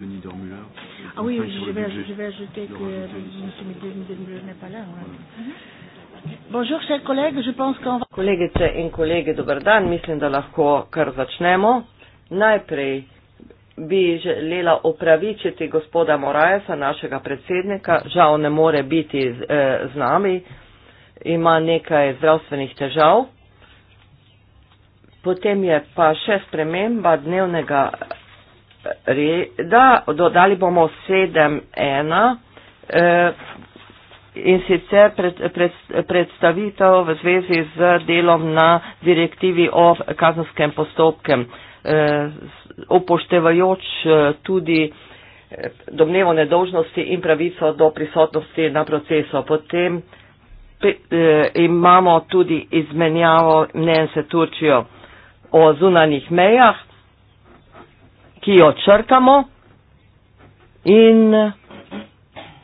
Denis Dormuller. Ah oui, je vais, je vais ajouter que euh, M. Dormuller n'est pas là. Voilà. Mm -hmm. Bonjour, chers collègues, je pense qu'on va. Kolegice in kolege, dober dan, mislim, da lahko kar začnemo. Najprej bi želela opravičiti gospoda Morajesa, našega predsednika. Žal ne more biti z, eh, z nami, ima nekaj zdravstvenih težav. Potem je pa še sprememba dnevnega reda, dodali bomo 7.1 e, in sicer predstavitev v zvezi z delom na direktivi o kazenskem postopkem, upoštevajoč e, tudi e, domnevo nedožnosti in pravico do prisotnosti na procesu. Potem imamo tudi izmenjavo mnen se Turčijo o zunanih mejah ki jo črkamo in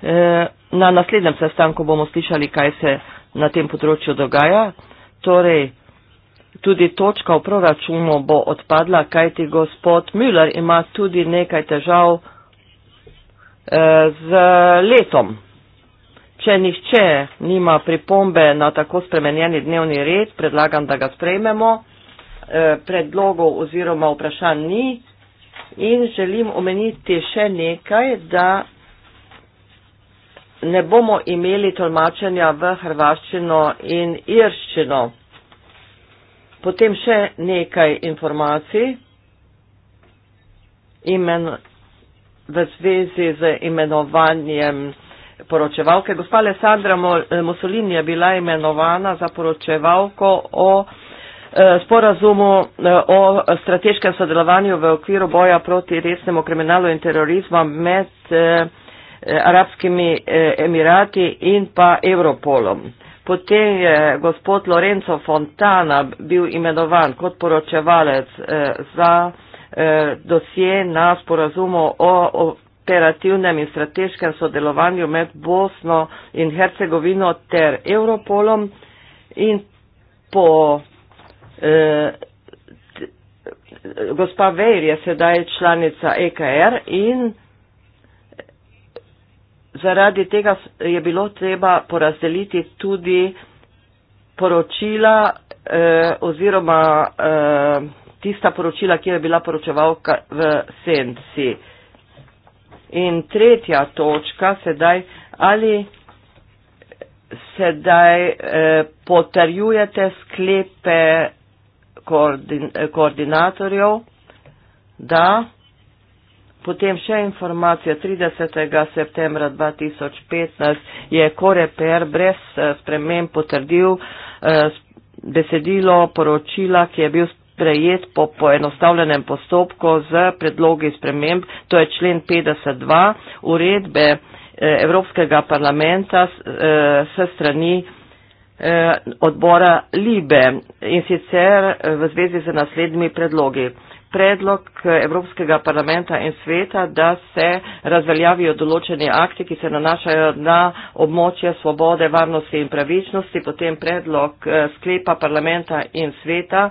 eh, na naslednjem sestanku bomo slišali, kaj se na tem področju dogaja. Torej, tudi točka v proračunu bo odpadla, kajti gospod Müller ima tudi nekaj težav eh, z letom. Če nihče nima pripombe na tako spremenjeni dnevni red, predlagam, da ga sprejmemo. Eh, predlogov oziroma vprašanj ni. In želim omeniti še nekaj, da ne bomo imeli tolmačenja v hrvaščino in irščino. Potem še nekaj informacij imen, v zvezi z imenovanjem poročevalke. Gospa Alessandra Mussolini je bila imenovana za poročevalko o Eh, sporazumu eh, o strateškem sodelovanju v okviru boja proti resnemu kriminalu in terorizmu med eh, Arabskimi Emirati in pa Evropolom. Potem je gospod Lorenzo Fontana bil imenovan kot poročevalec za dosje na sporazumu o operativnem in strateškem sodelovanju med Bosno in Hercegovino ter Evropolom in po eh, gospa Vejr je sedaj članica EKR in zaradi tega je bilo treba porazdeliti tudi poročila eh, oziroma eh, tista poročila, ki je bila poročevalka v Sendsi. In tretja točka sedaj, ali sedaj eh, potrjujete sklepe koordin, koordinatorjev, da potem še informacija 30. septembra 2015 je Koreper brez eh, spremem potrdil eh, besedilo poročila, ki je bil prejet po poenostavljenem postopku z predlogi sprememb, to je člen 52 uredbe eh, Evropskega parlamenta s strani Eh, odbora Libe in sicer eh, v zvezi z naslednjimi predlogi. Predlog eh, Evropskega parlamenta in sveta, da se razveljavijo določeni akti, ki se nanašajo na območje svobode, varnosti in pravičnosti, potem predlog sklepa parlamenta in sveta,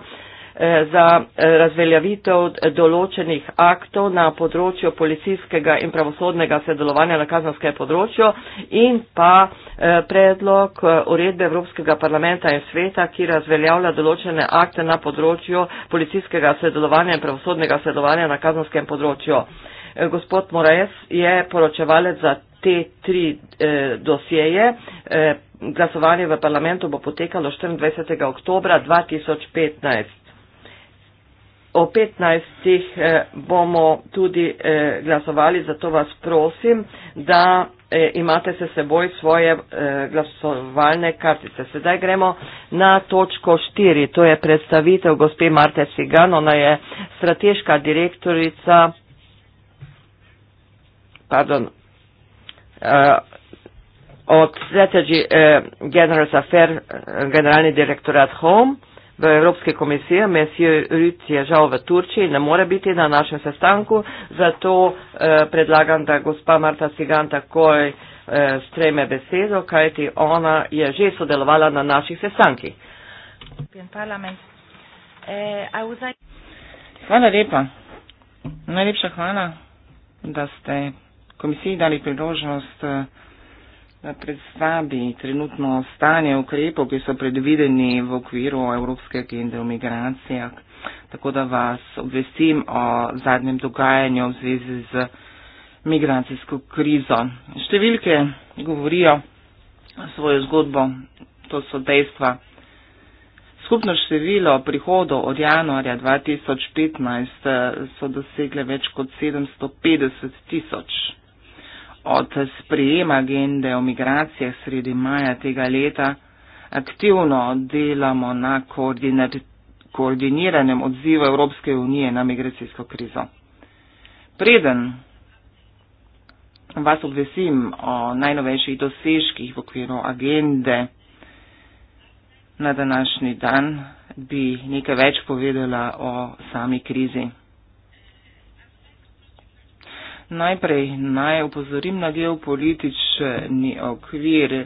Eh, za eh, razveljavitev določenih aktov na področju policijskega in pravosodnega sodelovanja na kazenskem področju in pa eh, predlog uredbe Evropskega parlamenta in sveta, ki razveljavlja določene akte na področju policijskega sodelovanja in pravosodnega sodelovanja na kazenskem področju. Gospod Moraes je poročevalec za te tri eh, dosjeje. Eh, glasovanje v parlamentu bo potekalo 24. oktober 2015. O 15. Eh, bomo tudi eh, glasovali, zato vas prosim, da eh, imate se seboj svoje glasovalne kartice. Sedaj gremo na točko 4. To je predstavitev gospe Marte Sigan. Ona je strateška direktorica. Pardon. Uh, od Strategy uh, Generals Affairs, uh, generalni direktorat Home v Evropske komisije, mesijo Rüci je žal v Turčiji, ne more biti na našem sestanku, zato eh, predlagam, da gospa Marta Sigan takoj eh, streme besedo, kajti ona je že sodelovala na naših sestankih. Hvala lepa. Najlepša hvala, da ste komisiji dali priložnost eh, Eh, pred sabi trenutno stanje ukrepov, ki so predvideni v okviru Evropske agende o migracijah. Tako da vas obvestim o zadnjem dogajanju v zvezi z migracijsko krizo. Številke govorijo svojo zgodbo, to so dejstva. Skupno število prihodov od januarja 2015 eh, so dosegle več kot 750 tisoč od sprejema agende o migracijah sredi maja tega leta aktivno delamo na koordiniranem odzivu Evropske unije na migracijsko krizo. Preden vas obvesim o najnovejših dosežkih v okviru agende na današnji dan, bi nekaj več povedala o sami krizi. Najprej naj opozorim na geopolitični okvir,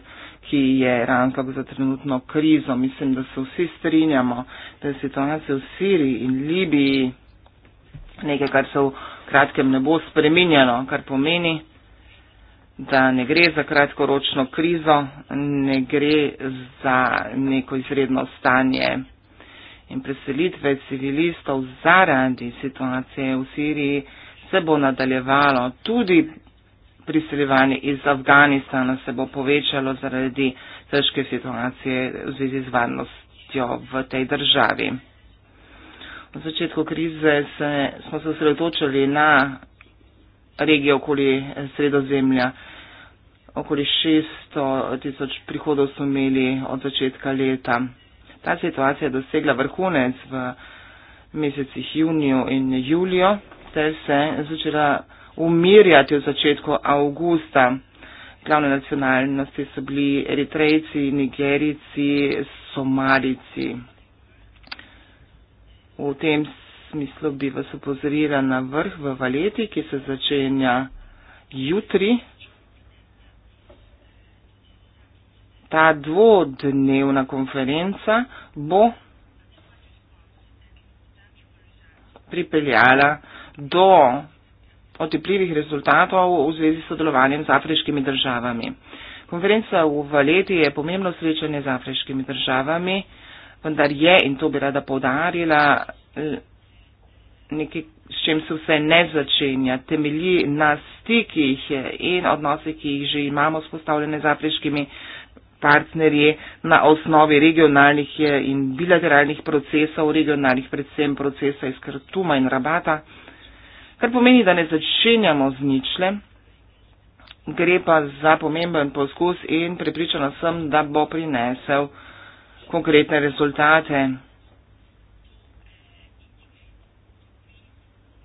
ki je razlog za trenutno krizo. Mislim, da se vsi strinjamo, da je situacija v Siriji in Libiji nekaj, kar se v kratkem ne bo spremenjeno, kar pomeni, da ne gre za kratkoročno krizo, ne gre za neko izredno stanje. In preselitve civilistov zaradi situacije v Siriji se bo nadaljevalo, tudi priseljevanje iz Afganistana se bo povečalo zaradi težke situacije v zvezi z varnostjo v tej državi. V začetku krize se, smo se osredotočili na regijo okoli sredozemlja. Okoli 600 tisoč prihodov smo imeli od začetka leta. Ta situacija je dosegla vrhunec v mesecih juniju in julijo se je začela umirjati v začetku avgusta. Glavne nacionalnosti so bili Eritrejci, Nigerici, Somalici. V tem smislu bi vas upozorila na vrh v Valeti, ki se začenja jutri. Ta dvodnevna konferenca bo pripeljala uh, do otepljivih rezultatov v zvezi s sodelovanjem z afriškimi državami. Konferenca v Valeti je pomembno srečanje z afriškimi državami, vendar je, in to bi rada povdarila, nekaj, s čem se vse ne začenja, temelji na stikih in odnosih, ki jih že imamo spostavljene z afriškimi partnerji na osnovi regionalnih in bilateralnih procesov, regionalnih predvsem procesa iz Kartuma in Rabata kar pomeni, da ne začenjamo z ničle, gre pa za pomemben poskus in prepričana sem, da bo prinesel konkretne rezultate.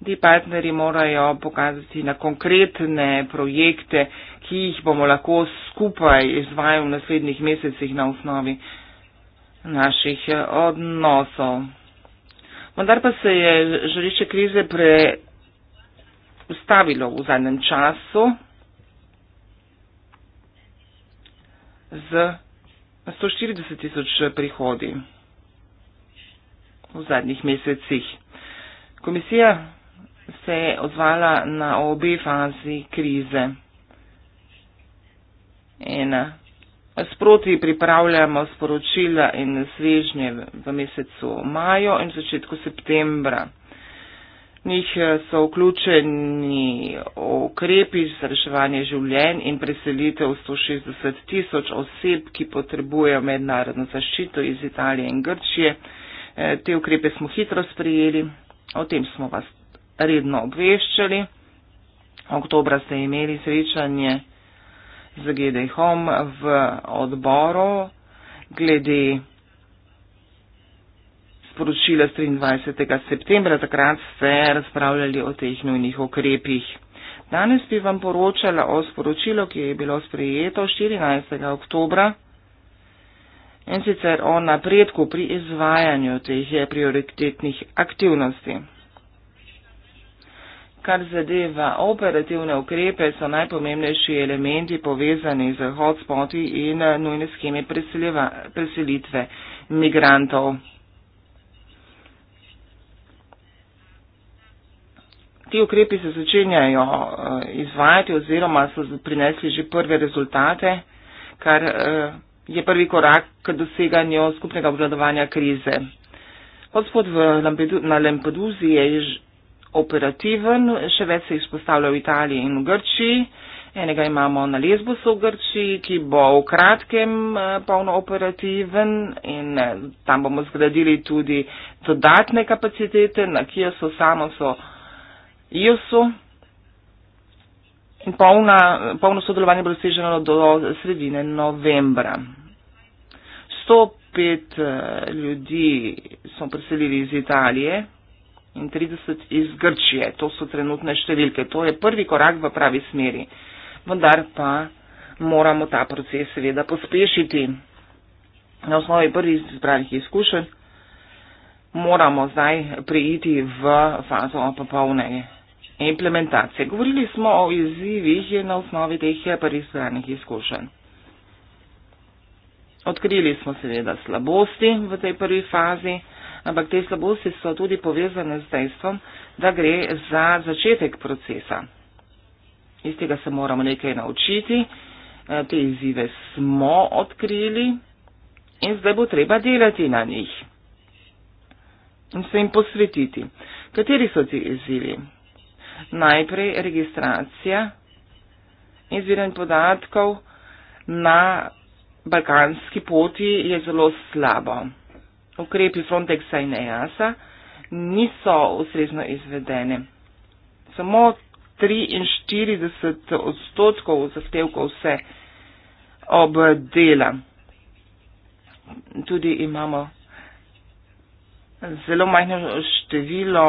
Ti partneri morajo pokazati na konkretne projekte, ki jih bomo lahko skupaj izvajali v naslednjih mesecih na osnovi naših eh, odnosov. Vendar pa se je žarišče krize pre, ustavilo v zadnjem času z 140 tisoč prihodi v zadnjih mesecih. Komisija se je odzvala na obe fazi krize. Ena. Sproti pripravljamo sporočila in svežnje v mesecu majo in začetku septembra njih eh, so vključeni ukrepi za reševanje življenj in preselitev 160 tisoč oseb, ki potrebujejo mednarodno zaščito iz Italije in Grčije. Eh, te ukrepe smo hitro sprejeli, o tem smo vas redno obveščali. Oktobra ste imeli srečanje z GDHOM v odboru glede sporočila z 23. septembra, takrat ste razpravljali o teh nujnih okrepih. Danes bi vam poročala o sporočilu, ki je bilo sprejeto 14. oktobra in sicer o napredku pri izvajanju teh prioritetnih aktivnosti. Kar zadeva operativne ukrepe, so najpomembnejši elementi povezani z hotspoti in nujne scheme preseljitve migrantov. ti ukrepi se začenjajo eh, izvajati oziroma so prinesli že prve rezultate, kar eh, je prvi korak k doseganju skupnega obvladovanja krize. Hotspot na Lampeduzi je operativen, še več se izpostavlja v Italiji in v Grčiji. Enega imamo na Lesbosu v Grčiji, ki bo v kratkem eh, polno operativen in tam bomo zgradili tudi dodatne kapacitete, na kjer so samo so. Io so polna, polno sodelovanje bo doseženo do sredine novembra. 105 eh, ljudi smo preselili iz Italije in 30 iz Grčije. To so trenutne številke. To je prvi korak v pravi smeri. Vendar pa moramo ta proces seveda pospešiti. Na osnovi prvih zbranih izkušenj moramo zdaj prijeti v fazo popolnega implementacije. Govorili smo o izzivih na osnovi teh parizvanih izkušenj. Odkrili smo seveda slabosti v tej prvi fazi, ampak te slabosti so tudi povezane z dejstvom, da gre za začetek procesa. Iz tega se moramo nekaj naučiti, eh, te izzive smo odkrili in zdaj bo treba delati na njih in se jim posvetiti. Kateri so ti izzivi? najprej registracija in zbiranje podatkov na balkanski poti je zelo slabo. Ukrepi Frontexa in EASA niso ustrezno izvedene. Samo 43 odstotkov zahtevkov se obdela. Tudi imamo zelo majhno število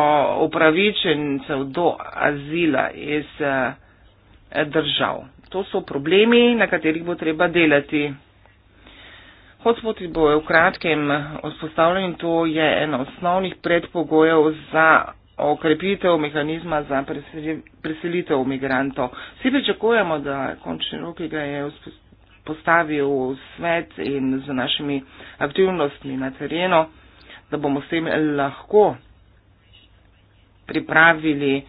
upravičencev do azila iz eh, držav. To so problemi, na katerih bo treba delati. Hotspoti bojo v kratkem vzpostavljeni, to je eno osnovnih predpogojev za okrepitev mehanizma za preselitev migrantov. Vsi pričakujemo, da končni rok, ki ga je vzpostavil svet in z našimi aktivnostmi na terenu, da bomo s tem lahko pripravili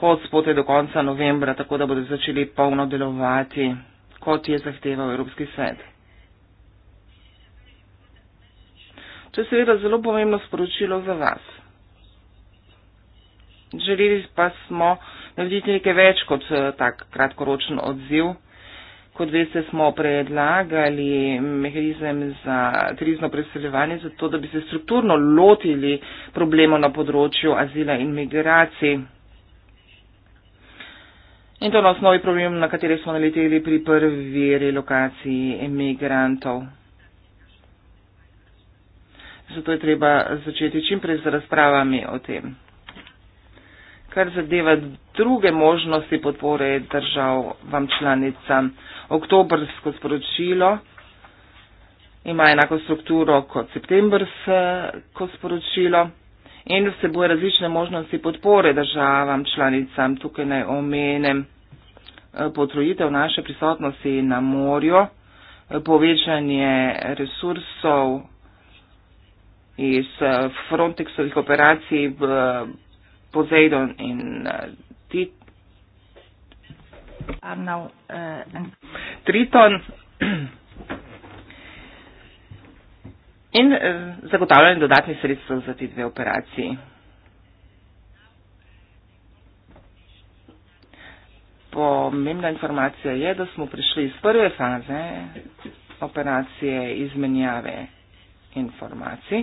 hotspote do konca novembra, tako da bodo začeli polno delovati, kot je zahteval Evropski svet. To je seveda zelo pomembno sporočilo za vas. Želeli pa smo narediti nekaj več kot eh, tak kratkoročen odziv. Kot veste, smo predlagali mehanizem za krizno preseljevanje, zato da bi se strukturno lotili problemov na področju azila in migracij. In to na osnovi problem, na katere smo naleteli pri prvi relokaciji emigrantov. Zato je treba začeti čim prej z razpravami o tem. Kar zadeva druge možnosti podpore držav vam članicam oktobrsko sporočilo ima enako strukturo kot septembrsko sporočilo in vsebuje različne možnosti podpore državam, članicam. Tukaj naj omenem eh, potrojitev naše prisotnosti na morju, eh, povečanje resursov iz eh, Frontexovih operacij v Pozejdon in Tit are now uh, in Triton. In eh, zagotavljanje dodatnih sredstev za te dve operaciji. Pomembna informacija je, da smo prišli iz prve faze operacije izmenjave informacij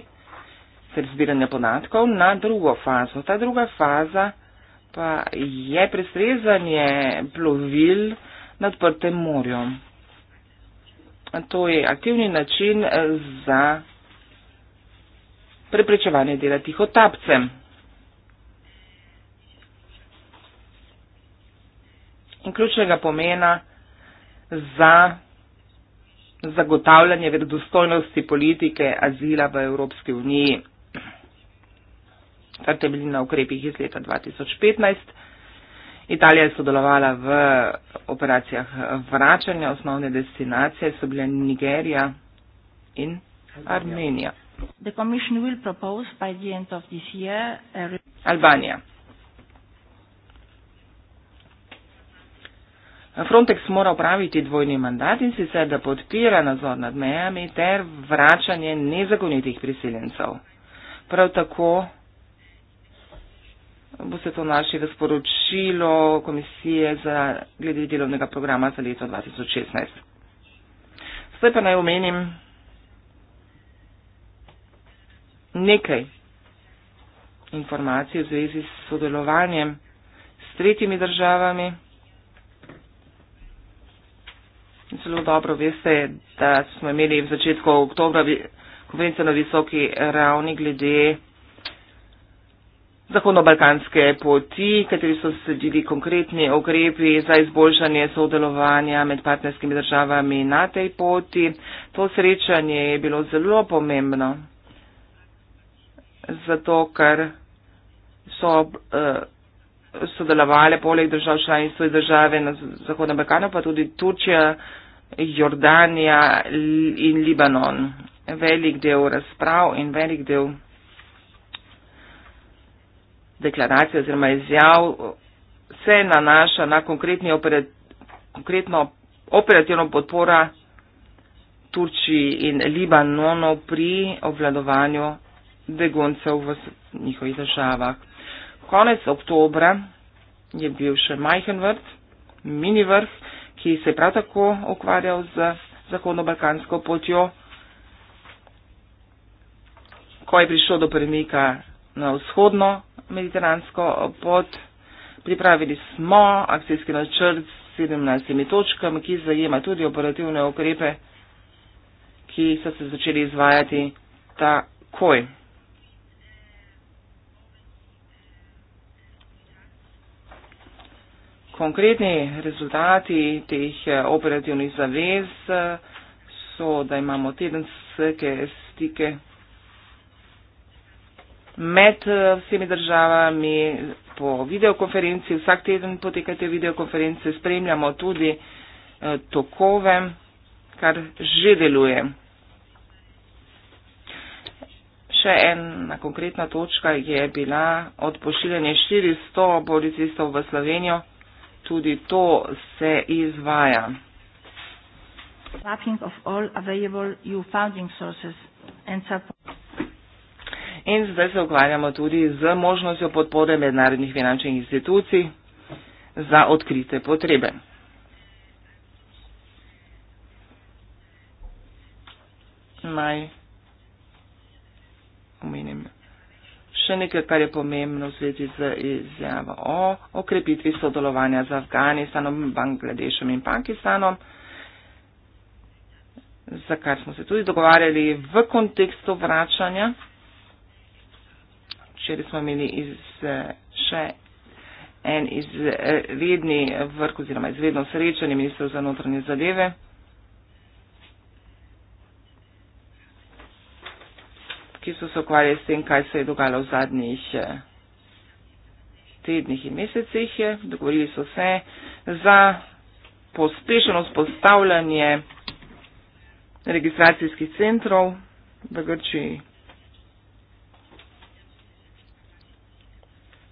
ter zbiranja podatkov na drugo fazo. Ta druga faza pa je prestrezanje plovil na odprtem morju. To je aktivni način eh, za preprečevanje dela tihotapcem. In ključnega pomena za zagotavljanje verodostojnosti politike azila v Evropski uniji ta temelji na ukrepih iz leta 2015. Italija je sodelovala v operacijah vračanja, osnovne destinacije so bile Nigerija in Armenija. Albanija. Frontex mora upraviti dvojni mandat in sicer, da podpira nadzor nad mejami ter vračanje nezakonitih priseljencev. Prav tako bo se to naše razporočilo komisije za glede delovnega programa za leto 2016. Zdaj pa naj omenim nekaj informacij v zvezi s sodelovanjem s tretjimi državami. Zelo dobro veste, da smo imeli v začetku oktobra konvencijo na visoki ravni glede zahodno-balkanske poti, kateri so sledili konkretni okrepi za izboljšanje sodelovanja med partnerskimi državami na tej poti. To srečanje je bilo zelo pomembno, zato ker so uh, eh, sodelovali poleg držav članic svoje države na Zahodnem Balkanu, pa tudi Turčija, Jordanija in Libanon. Velik del razprav in velik del deklaracija oziroma izjav se nanaša na operat, konkretno operativno podpora Turčiji in Libanonu pri obvladovanju beguncev v njihovih državah. Konec oktobra je bil še majhen vrt, mini vrt, ki se je prav tako ukvarjal z zahodno-balkansko potjo, ko je prišlo do premika na vzhodno mediteransko pot. Pripravili smo akcijski načrt s 17 točkami, ki zajema tudi operativne ukrepe, ki so se začeli izvajati takoj. Konkretni rezultati teh eh, operativnih zavez eh, so, da imamo tedenske stike med eh, vsemi državami po videokonferenci. Vsak teden poteka te videokonference, spremljamo tudi eh, tokove, kar že deluje. Še ena konkretna točka je bila odpošiljanje 400 policistov v Slovenijo. Tudi to se izvaja in zdaj se ukvarjamo tudi z možnostjo podpore mednarodnih finančnih institucij za odkrite potrebe. Naj omenim še nekaj, kar je pomembno v zvezi z izjavo o okrepitvi sodelovanja z Afganistanom, Bangladešem in Pakistanom, za kar smo se tudi dogovarjali v kontekstu vračanja včeraj smo imeli iz, eh, še en izredni vrh oziroma izredno srečanje ministrov za notranje zadeve. ki so se ukvarjali s tem, kaj se je dogajalo v zadnjih eh, tednih in mesecih. Dogovorili so se za pospešeno spostavljanje registracijskih centrov v Grčiji,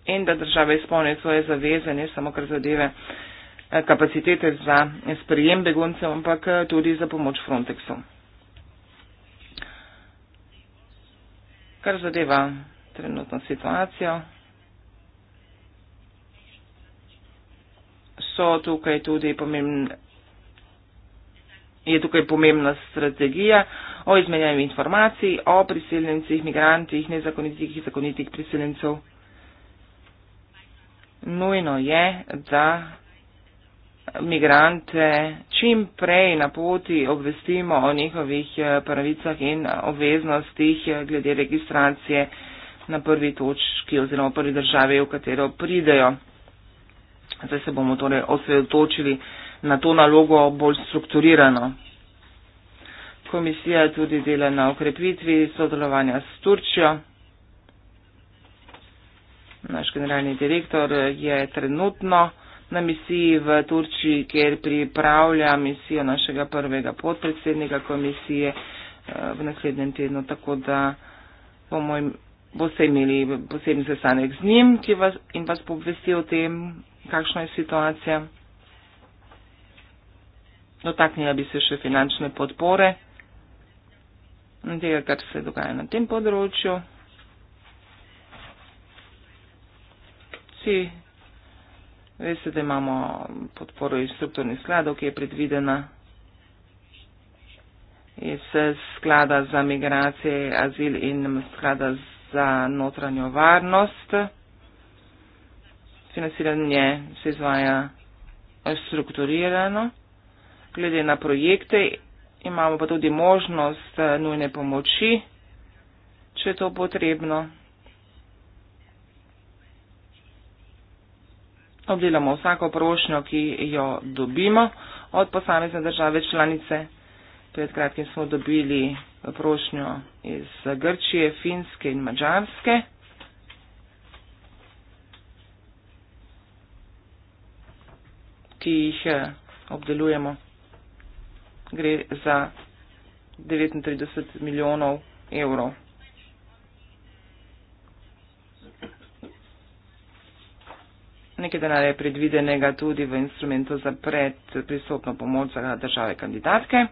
in da države izpolnijo svoje zaveze, ne samo kar zadeve eh, kapacitete za sprejem beguncev, ampak eh, tudi za pomoč Frontexu. Kar zadeva trenutno situacijo, so tukaj tudi pomembne, je tukaj pomembna strategija o izmenjavi informacij o priseljencih, migrantih, nezakonitih in zakonitih priseljencev nujno je, da migrante čim prej na poti obvestimo o njihovih eh, pravicah in obveznostih eh, glede registracije na prvi točki oziroma prvi državi, v katero pridejo. Zdaj se bomo torej osredotočili na to nalogo bolj strukturirano. Komisija tudi dela na okrepitvi sodelovanja s Turčjo. Naš generalni direktor je trenutno na misiji v Turčiji, kjer pripravlja misijo našega prvega podpredsednika komisije eh, v naslednjem tednu, tako da bomo im, boste imeli posebni sestanek z njim ki vas, in vas povesti o tem, kakšna je situacija. Dotaknila bi se še finančne podpore in tega, kar se dogaja na tem področju. vsi. Veste, da imamo podporo iz strukturnih skladov, ki je predvidena iz sklada za migracije, azil in sklada za notranjo varnost. Financiranje se izvaja strukturirano. Glede na projekte imamo pa tudi možnost nujne pomoči, če je to potrebno. obdelamo vsako prošnjo, ki jo dobimo od posamezne države članice. Pred kratkim smo dobili prošnjo iz Grčije, Finske in Mačarske. ki jih eh, obdelujemo. Gre za 39 milijonov evrov. Nekaj denarja je predvidenega tudi v instrumentu za predpristopno pomoč za države kandidatke.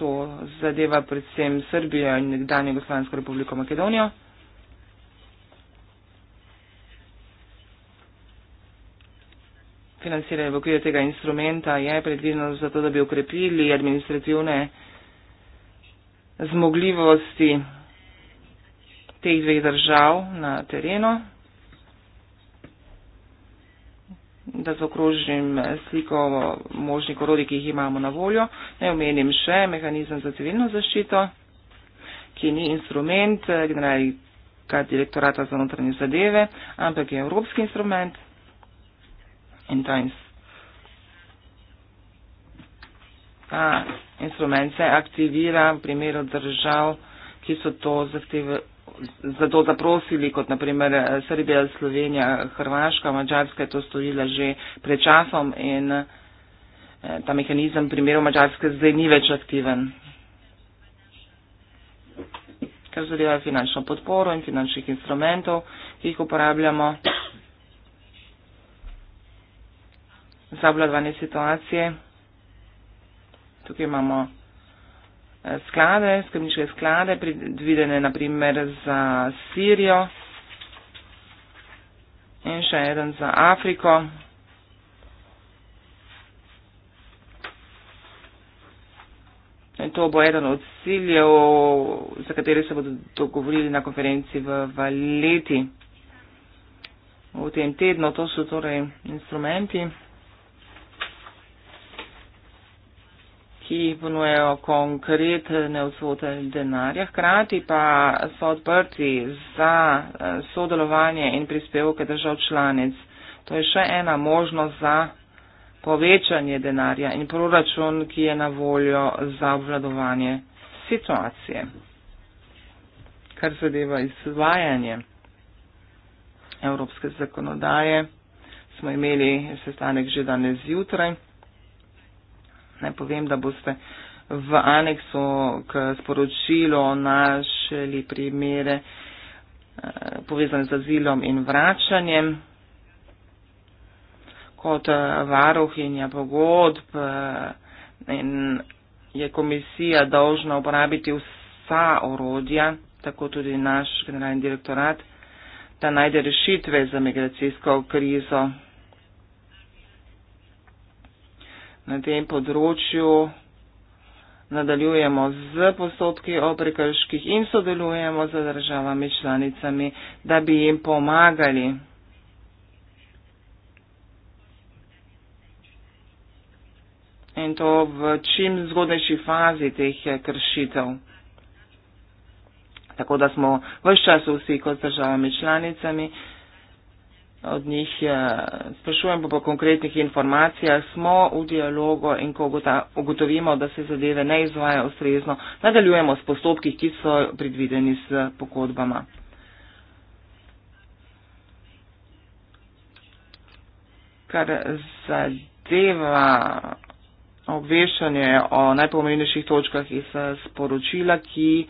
To zadeva predvsem Srbijo in nekdanje Jugoslavijsko republiko Makedonijo. Financiranje v okviru tega instrumenta je predvideno zato, da bi ukrepili administrativne zmogljivosti teh dveh držav na terenu. da zaokrožim sliko možnih orodij, ki jih imamo na voljo. Naj omenim še mehanizem za civilno zaščito, ki ni instrument generalnega direktorata za notranje zadeve, ampak je evropski instrument. In ta, ins ta instrument se aktivira v primeru držav, ki so to zahtevali za to zaprosili, kot naprimer eh, Srbija, Slovenija, Hrvaška, Mačarska je to storila že pred časom in eh, ta mehanizem v primeru Mačarske zdaj ni več aktiven. Kar zadeva finančno podporo in finančnih instrumentov, ki jih uporabljamo. Za obladovanje situacije. Tukaj imamo sklade, skrbniške sklade, predvidene naprimer za Sirijo in še eden za Afriko. In to bo eden od ciljev, za kateri se bodo dogovorili na konferenci v Valeti v tem tednu. To so torej instrumenti. ki jih ponujejo konkreten vsoten denarja. Hkrati pa so odprti za eh, sodelovanje in prispevke držav članic. To je še ena možnost za povečanje denarja in proračun, ki je na voljo za obvladovanje situacije. Kar zadeva izvajanje evropske zakonodaje, smo imeli sestanek že danes zjutraj. Ne povem, da boste v aneksu k sporočilu našli primere eh, povezane z azilom in vračanjem. Kot eh, varuhinja pogodb eh, je komisija dolžna uporabiti vsa orodja, tako tudi naš generalni direktorat, da najde rešitve za migracijsko krizo. na tem področju nadaljujemo z postopki o prekrških in sodelujemo z državami članicami, da bi jim pomagali. In to v čim zgodnejši fazi teh kršitev. Tako da smo vse čas vsi kot državami članicami od njih eh, sprašujemo po konkretnih informacijah, smo v dialogu in ko ugotovimo, da se zadeve ne izvajajo ustrezno, nadaljujemo s postopki, ki so predvideni s pogodbama. Kar zadeva obveščanje o najpomembnejših točkah iz eh, sporočila, ki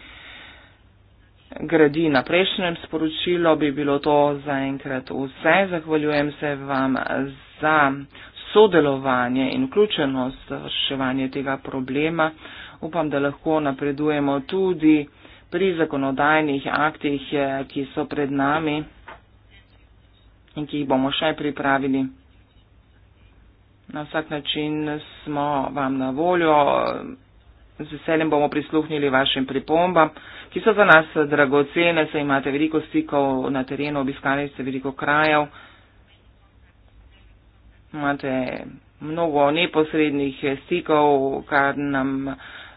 gradi na prejšnjem sporočilu, bi bilo to zaenkrat vse. Zahvaljujem se vam za sodelovanje in vključenost v reševanje tega problema. Upam, da lahko napredujemo tudi pri zakonodajnih aktih, eh, ki so pred nami in ki jih bomo še pripravili. Na vsak način smo vam na voljo. Z veseljem bomo prisluhnili vašim pripombam, ki so za nas dragocene, saj imate veliko stikov na terenu, obiskali ste veliko krajev, imate mnogo neposrednih stikov, kar nam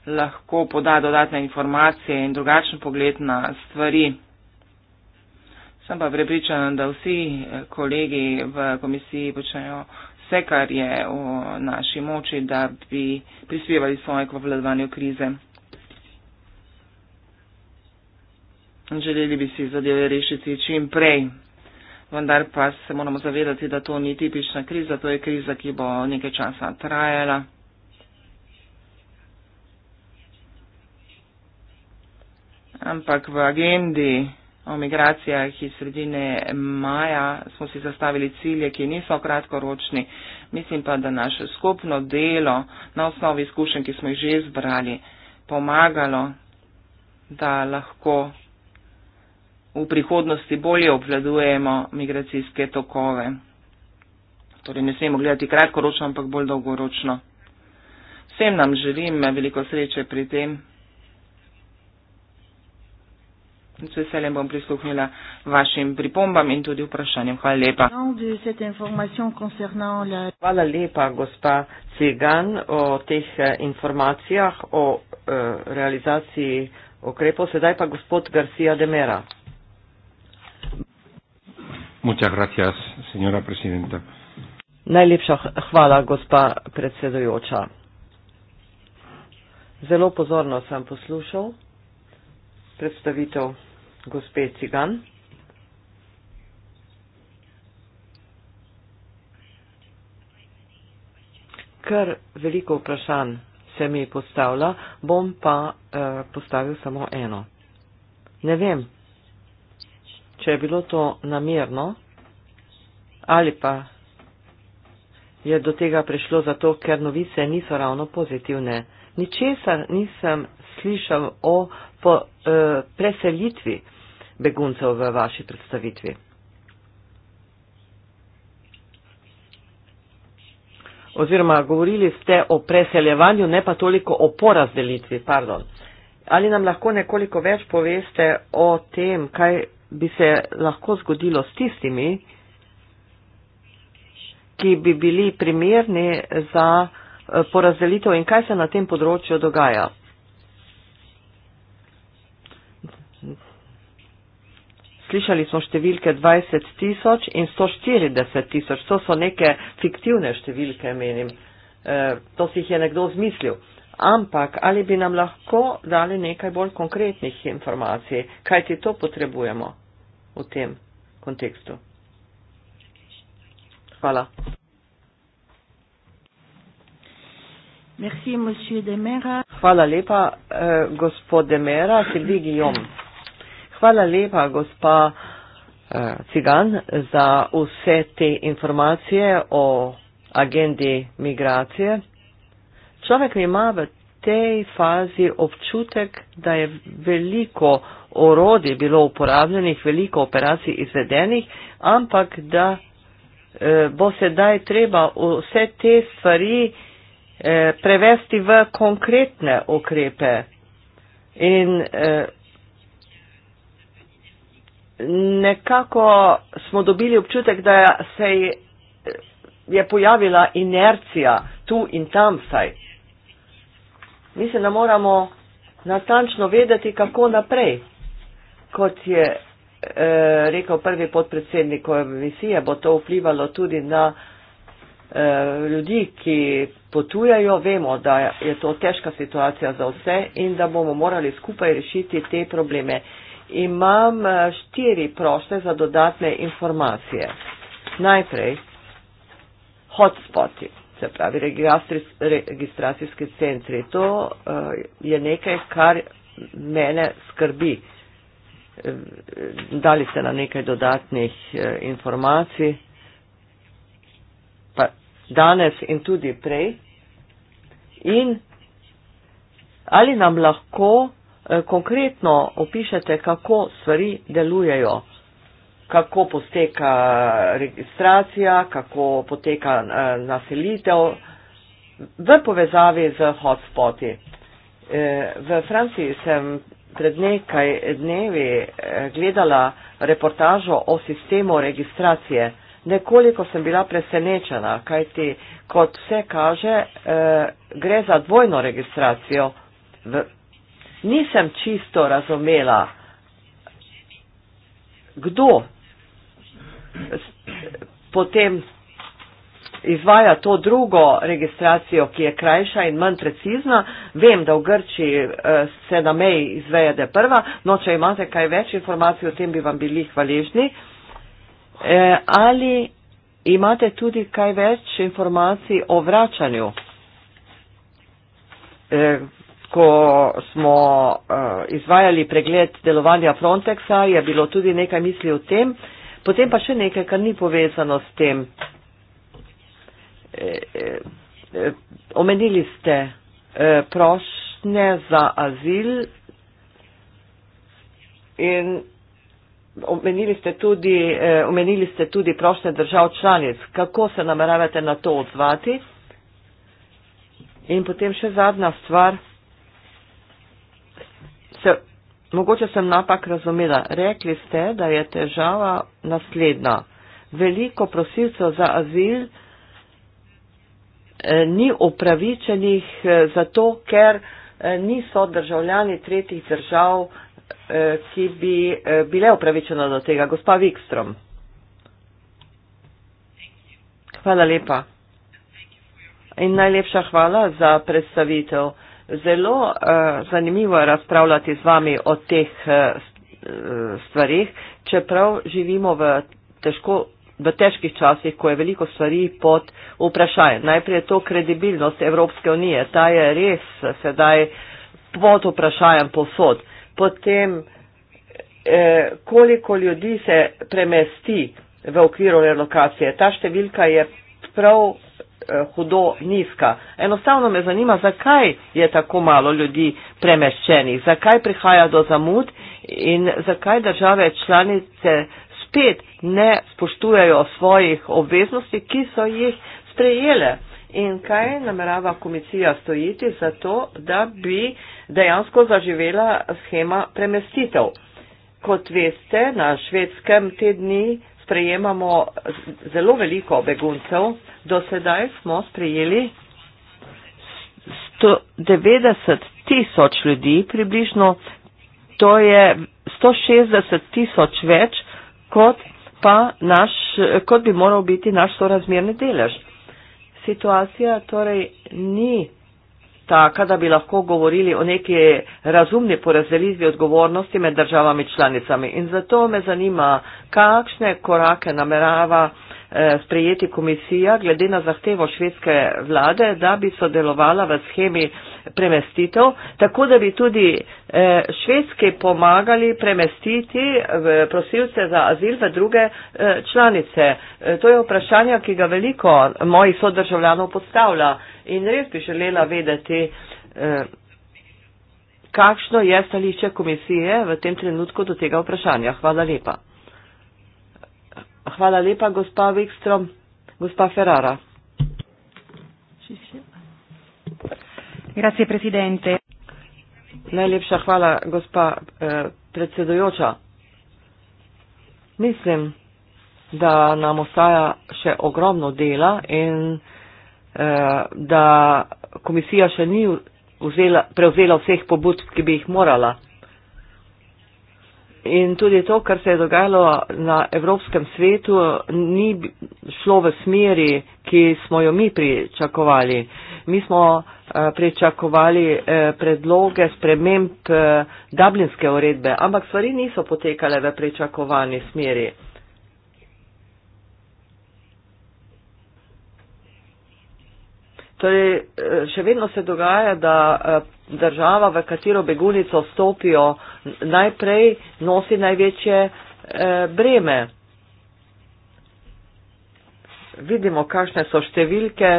lahko poda dodatne informacije in drugačen pogled na stvari. Sem pa prepričana, da vsi kolegi v komisiji počnejo vse, kar je v naši moči, da bi prispevali svoje k vladovanju krize. Želeli bi si zadeve rešiti čim prej, vendar pa se moramo zavedati, da to ni tipična kriza, to je kriza, ki bo nekaj časa trajala. Ampak v agendi o migracijah iz sredine maja, smo si zastavili cilje, ki niso kratkoročni. Mislim pa, da naše skupno delo na osnovi izkušenj, ki smo jih že izbrali, pomagalo, da lahko v prihodnosti bolje obvladujemo migracijske tokove. Torej ne smemo gledati kratkoročno, ampak bolj dolgoročno. Vsem nam želim veliko sreče pri tem z veseljem bom prisluhnila vašim pripombam in tudi vprašanjem. Hvala lepa. Hvala lepa, gospa Cigan, o teh eh, informacijah o eh, realizaciji ukrepov. Sedaj pa gospod Garcia de Mera. Gracias, Najlepša hvala, gospa predsedujoča. Zelo pozorno sem poslušal predstavitev gospe Cigan. Kar veliko vprašanj se mi postavlja, bom pa eh, postavil samo eno. Ne vem, če je bilo to namerno ali pa je do tega prišlo zato, ker novice niso ravno pozitivne ničesar nisem slišal o po, e, preselitvi beguncev v vaši predstavitvi. Oziroma, govorili ste o preseljevanju, ne pa toliko o porazdelitvi. Pardon. Ali nam lahko nekoliko več poveste o tem, kaj bi se lahko zgodilo s tistimi, ki bi bili primerni za uh, Eh, porazdelitev in kaj se na tem področju dogaja. Slišali smo številke 20 tisoč in 140 tisoč. To so neke fiktivne številke, menim. E, to si jih je nekdo zmislil. Ampak ali bi nam lahko dali nekaj bolj konkretnih informacij, kaj ti to potrebujemo v tem kontekstu? Hvala. Merci, monsieur Demera. Hvala lepa, eh, gospod Demera, Sibri Gijom. Hvala lepa, gospa eh, Cigan, za vse te informacije o agendi migracije. Človek ima v tej fazi občutek, da je veliko orodje bilo uporabljenih, veliko operacij izvedenih, ampak da eh, bo sedaj treba vse te stvari eh, prevesti v konkretne ukrepe. In eh, nekako smo dobili občutek, da se je, eh, je pojavila inercija tu in tam vsaj. Mislim, da moramo natančno vedeti, kako naprej, kot je eh, rekel prvi podpredsednik komisije, bo to vplivalo tudi na eh, Eh, ljudi, ki potujajo, vemo, da je to težka situacija za vse in da bomo morali skupaj rešiti te probleme. Imam eh, štiri prošle za dodatne informacije. Najprej hotspoti, se pravi registracijski centri. To eh, je nekaj, kar mene skrbi. Dali ste nam nekaj dodatnih informacij danes in tudi prej. In ali nam lahko eh, konkretno opišete, kako stvari delujejo, kako poteka eh, registracija, kako poteka eh, naselitev v povezavi z hotspoti. Eh, v Franciji sem pred nekaj dnevi eh, gledala reportažo o sistemu registracije. Nekoliko sem bila presenečena, kajti kot vse kaže, eh, gre za dvojno registracijo. V, nisem čisto razumela, kdo potem izvaja to drugo registracijo, ki je krajša in manj precizna. Vem, da v Grčiji eh, se na meji izveje, da je prva, no če imate kaj več informacij o tem, bi vam bili hvaležni. Eh, E, ali imate tudi kaj več informacij o vračanju? E, ko smo e, izvajali pregled delovanja Frontexa, je bilo tudi nekaj misli o tem, potem pa še nekaj, kar ni povezano s tem. E, e, e omenili ste e, prošnje za azil in Omenili ste tudi, eh, omenili ste tudi prošnje držav članic. Kako se nameravate na to odzvati? In potem še zadnja stvar. Se, mogoče sem napak razumela. Rekli ste, da je težava naslednja. Veliko prosilcev za azil eh, ni upravičenih eh, zato, ker eh, niso državljani tretjih držav Eh, ki bi eh, bile upravičeno do tega. Gospa Vikstrom. Hvala lepa. In najlepša hvala za predstavitev. Zelo uh, zanimivo je razpravljati z vami o teh uh, stvarih, čeprav živimo v, težko, v težkih časih, ko je veliko stvari pod vprašanjem. Najprej je to kredibilnost Evropske unije, ta je res sedaj pod vprašanjem posod. Uh, potem eh, koliko ljudi se premesti v okviru relokacije. Ta številka je prav eh, hudo nizka. Enostavno me zanima, zakaj je tako malo ljudi premeščenih, zakaj prihaja do zamud in zakaj države članice spet ne spoštujejo svojih obveznosti, ki so jih sprejele in kaj namerava komisija stojiti za to, da bi dejansko zaživela schema premestitev. Kot veste, na švedskem tedni sprejemamo zelo veliko beguncev. Do sedaj smo sprejeli 190 tisoč ljudi, približno to je 160 tisoč več, kot, naš, kot bi moral biti naš sorazmerni delež situacija torej ni taka, da bi lahko govorili o neki razumni porazdelitvi odgovornosti med državami članicami. In zato me zanima, kakšne korake namerava uh, Eh, sprejeti komisija glede na zahtevo švedske vlade, da bi sodelovala v schemi premestitev, tako da bi tudi eh, švedski pomagali premestiti eh, prosilce za azil v druge članice. To je vprašanje, ki ga veliko mojih sodržavljanov postavlja in res bi želela vedeti, kakšno je stališče komisije v tem trenutku do tega vprašanja. Hvala lepa. Hvala lepa, gospa Vikstrom. Gospa Ferrara. Grazie, presidente. Najlepša hvala, gospa eh, predsedujoča. Mislim, da nam ostaja še ogromno dela in eh, da komisija še ni vzela, prevzela vseh pobud, ki bi jih morala. In tudi to, kar se je dogajalo na evropskem svetu, ni šlo v smeri, ki smo jo mi pričakovali. Mi smo eh, pričakovali eh, predloge sprememb eh, Dublinske uredbe, ampak stvari niso potekale v pričakovani smeri. Torej, eh, še vedno se dogaja, da eh, država, v katero begunico stopijo, najprej nosi največje eh, breme. Vidimo, kakšne so številke,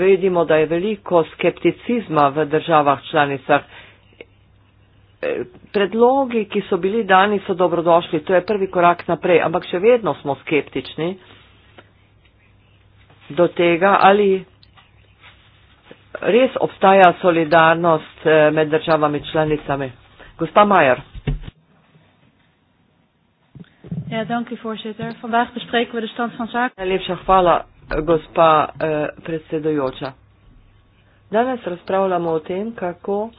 vidimo, da je veliko skepticizma v državah članicah. Predlogi, ki so bili dani, so dobrodošli, to je prvi korak naprej, ampak še vedno smo skeptični do tega, ali res obstaja solidarnost eh, med državami članicami. Gospa Majer. Ja, dank u voorzitter. Vandaag bespreken we de stand van zaken. Najlepša hvala, eh, gospa eh, predsedujoča. Danes razpravljamo o tem, kako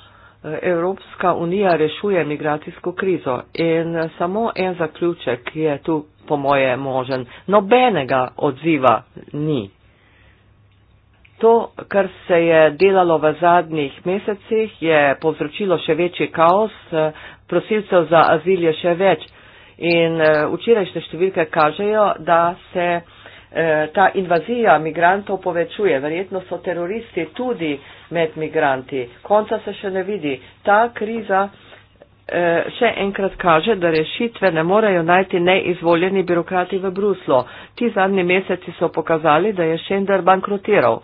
eh, Evropska unija rešuje migracijsko krizo in samo en zaključek je tu po moje možen. Nobenega odziva ni. To, kar se je delalo v zadnjih mesecih, je povzročilo še večji kaos, eh, prosilcev za azil je še več. In eh, včerajšnje številke kažejo, da se eh, ta invazija migrantov povečuje. Verjetno so teroristi tudi med migranti. Konca se še ne vidi. Ta kriza. Eh, še enkrat kaže, da rešitve ne morejo najti neizvoljeni birokrati v Bruslo. Ti zadnji meseci so pokazali, da je Šender bankrotiral.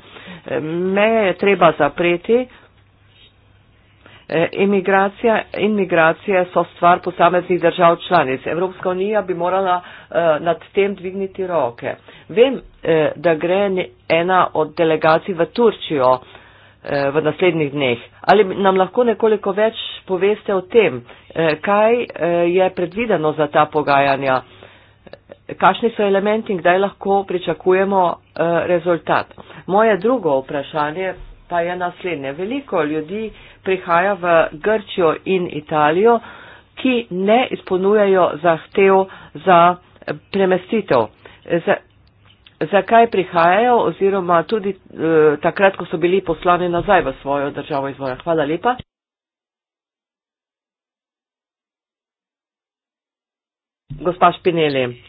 Eh, meje je treba zapreti, eh, imigracija in migracije so stvar posameznih držav članic. Evropska unija bi morala nad tem dvigniti roke. Vem, da gre ena od delegacij v Turčijo eh, v naslednjih dneh. Ali nam lahko nekoliko več poveste o tem, eh, kaj eh, je predvideno za ta pogajanja, kakšni so elementi in kdaj lahko pričakujemo eh, rezultat. Moje drugo vprašanje pa je naslednje. Veliko ljudi prihaja v Grčijo in Italijo, ki ne izpolnjujejo zahtev za eh, premestitev zakaj prihajajo oziroma tudi eh, takrat, ko so bili poslani nazaj v svojo državo izvora. Hvala lepa. Gospa Špineli,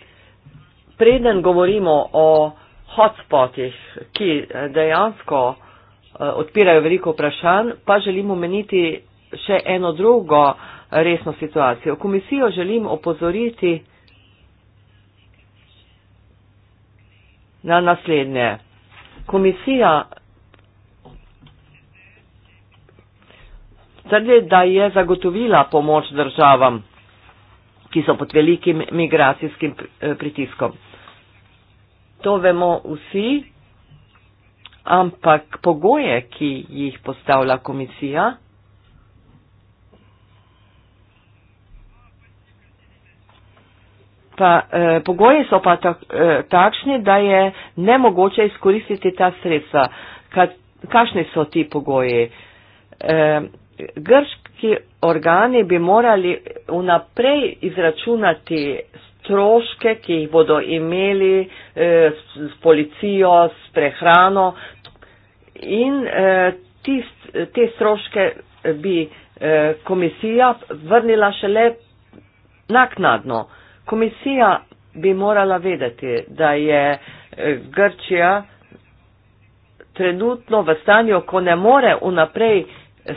preden govorimo o hotspotih, ki dejansko eh, odpirajo veliko vprašanj, pa želimo meniti še eno drugo resno situacijo. Komisijo želim opozoriti, na naslednje. Komisija trdi, da je zagotovila pomoč državam, ki so pod velikim migracijskim eh, pritiskom. To vemo vsi, ampak pogoje, ki jih postavlja komisija, pa, eh, pogoji so pa tak, eh, takšni, da je nemogoče izkoristiti ta sredstva. Kakšni so ti pogoji? Eh, grški organi bi morali unaprej izračunati stroške, ki jih bodo imeli eh, s, s policijo, s prehrano in eh, ti, te stroške bi eh, komisija vrnila šele naknadno. Eh, Komisija bi morala vedeti, da je eh, Grčija trenutno v stanju, ko ne more vnaprej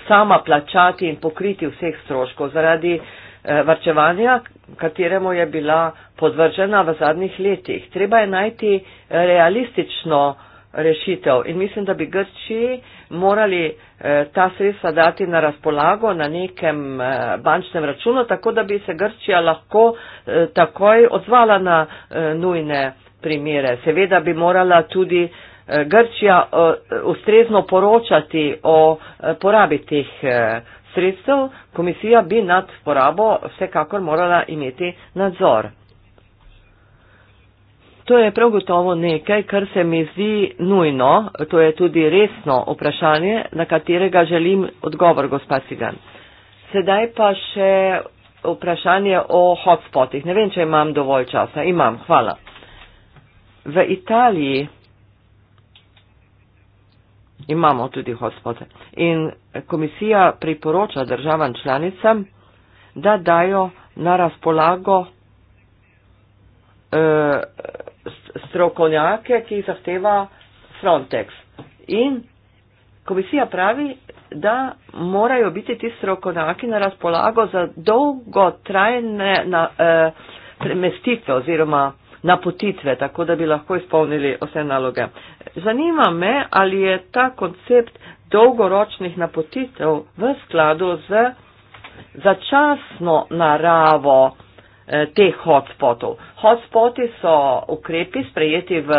sama plačati in pokriti vseh stroškov zaradi eh, varčevanja, kateremu je bila podvržena v zadnjih letih. Treba je najti eh, realistično uh, rešitev. In mislim, da bi Grčiji morali eh, ta sredstva dati na razpolago na nekem eh, bančnem računu, tako da bi se Grčija lahko eh, takoj odzvala na eh, nujne primere. Seveda bi morala tudi eh, Grčija eh, ustrezno poročati o eh, porabi teh eh, sredstev. Komisija bi nad porabo vsekakor morala imeti nadzor to je prav gotovo nekaj, kar se mi zdi nujno, to je tudi resno vprašanje, na katerega želim odgovor, gospa Sigan. Sedaj pa še vprašanje o hotspotih. Ne vem, če imam dovolj časa. Imam, hvala. V Italiji imamo tudi hotspote in komisija priporoča državam članicam, da dajo na razpolago eh, strokovnjake, ki zahteva Frontex. In komisija pravi, da morajo biti ti strokovnjaki na razpolago za dolgotrajne na, eh, premestitve oziroma napotitve, tako da bi lahko izpolnili vse naloge. Zanima me, ali je ta koncept dolgoročnih napotitev v skladu z začasno naravo Eh, teh hotspotov. Hotspoti so ukrepi sprejeti v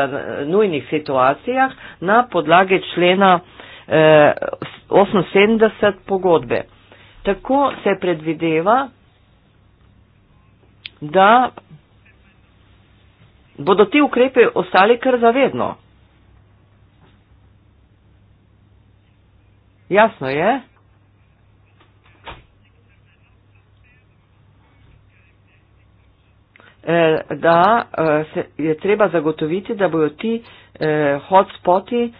nujnih situacijah na podlagi člena 78 eh, pogodbe. Tako se predvideva, da bodo ti ukrepi ostali kar zavedno. Jasno je. Eh, da eh, se je treba zagotoviti, da bodo ti eh, hotspoti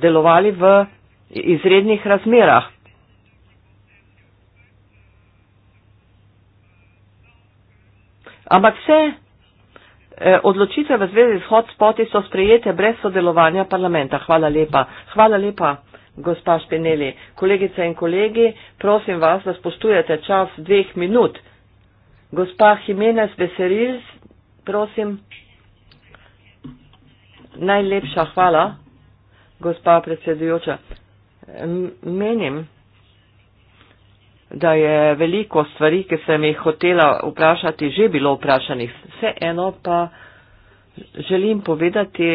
delovali v izrednih razmerah. Ampak vse odločitve v zvezi s hotspoti so sprejete brez sodelovanja parlamenta. Hvala lepa. Hvala lepa, gospa Špineli. Kolegice in kolegi, prosim vas, da spoštujete čas dveh minut. Gospa Jimenez Beseril, prosim. Najlepša hvala, gospa predsedujoča. Menim, da je veliko stvari, ki sem jih hotela vprašati, že bilo vprašanih. Vseeno pa želim povedati,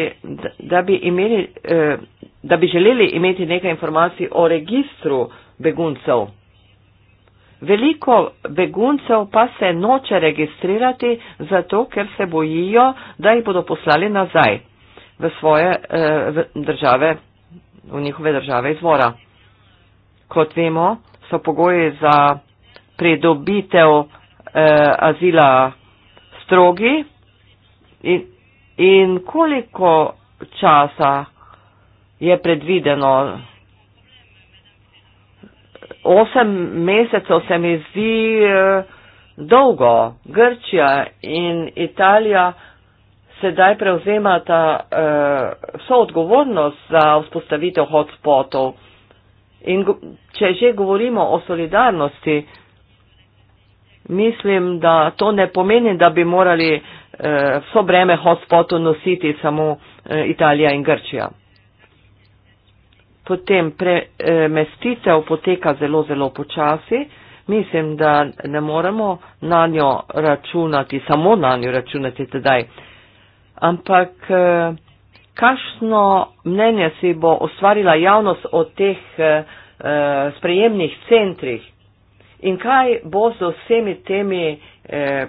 da bi, imeli, eh, da bi želeli imeti nekaj informacij o registru beguncev. Veliko beguncev pa se noče registrirati zato, ker se bojijo, da jih bodo poslali nazaj v svoje eh, v države, v njihove države izvora. Kot vemo, so pogoji za pridobitev eh, azila strogi in, in koliko časa je predvideno osem mesecev se mi zdi eh, dolgo. Grčija in Italija sedaj prevzemata eh, vso odgovornost za vzpostavitev hotspotov. In če že govorimo o solidarnosti, mislim, da to ne pomeni, da bi morali eh, vso breme hotspotu nositi samo Italija in Grčija potem premestitev poteka zelo, zelo počasi. Mislim, da ne moremo na njo računati, samo na njo računati tedaj. Ampak eh, kakšno mnenje si bo ustvarila javnost o teh eh, eh, sprejemnih centrih in kaj bo z vsemi temi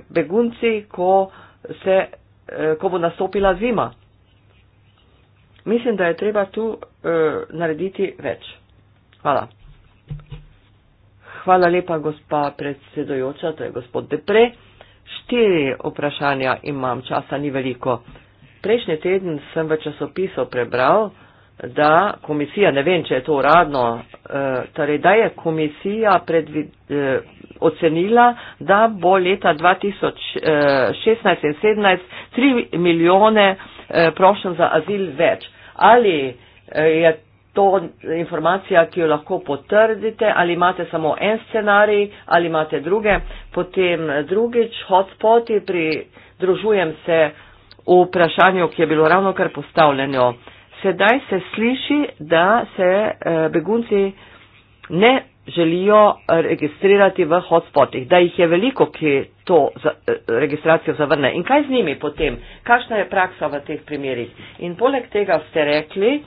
begunci, ko, se, ko bo nastopila zima? Mislim, da je treba tu uh, narediti več. Hvala. Hvala lepa, gospa predsedojoča, to je gospod Depre. Štiri vprašanja imam, časa ni veliko. Prejšnji teden sem v časopisu prebral, da komisija, ne vem, če je to uradno, eh, torej da je komisija predvid, eh, ocenila, da bo leta 2016 eh, in 2017 3 milijone prošen za azil več. Ali je to informacija, ki jo lahko potrdite, ali imate samo en scenarij, ali imate druge, potem drugič hotspoti, pridružujem se vprašanju, ki je bilo ravno kar postavljeno sedaj se sliši, da se eh, begunci ne želijo registrirati v hotspotih, da jih je veliko, ki to za, eh, registracijo zavrne. In kaj z njimi potem? Kakšna je praksa v teh primerih? In poleg tega ste rekli,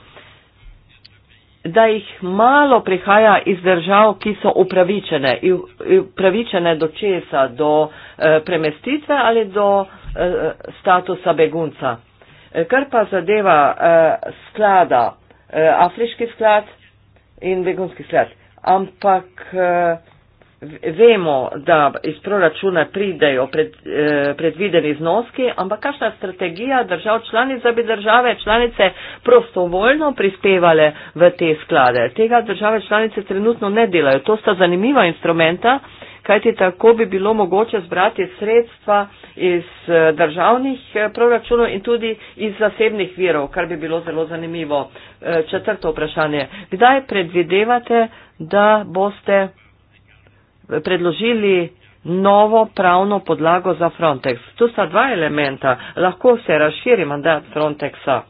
da jih malo prihaja iz držav, ki so upravičene. Upravičene do česa? Do eh, premestitve ali do eh, statusa begunca? Eh, kar pa zadeva uh, sklada, uh, afriški sklad in begunski sklad. Ampak uh, vemo, da iz proračuna pridejo pred, uh, predvideni znoski, ampak kakšna strategija držav članic, da bi države članice prostovoljno prispevale v te sklade? Tega države članice trenutno ne delajo. To sta zanimiva instrumenta, kajti tako bi bilo mogoče zbrati sredstva uh, iz eh, državnih eh, proračunov in tudi iz zasebnih virov, kar bi bilo zelo zanimivo. Eh, četrto vprašanje. Kdaj predvidevate, da boste predložili novo pravno podlago za Frontex? Tu sta dva elementa. Lahko se razširi mandat Frontexa.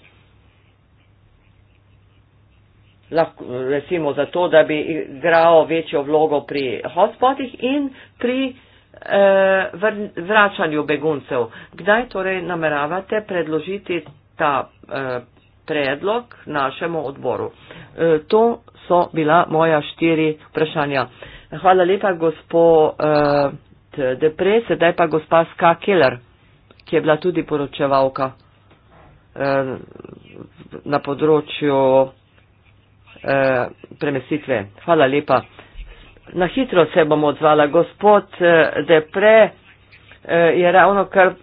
Lahko, recimo zato, da bi igral večjo vlogo pri hotspotih in pri Eh, vračanju beguncev. Kdaj torej nameravate predložiti ta eh, predlog našemu odboru? Eh, to so bila moja štiri vprašanja. Hvala lepa, gospod Depre, sedaj pa gospa Ska Keller, ki je bila tudi poročevalka na področju premestitve. Hvala lepa na hitro se bom odzvala. Gospod eh, Depre eh, je ravno kar eh,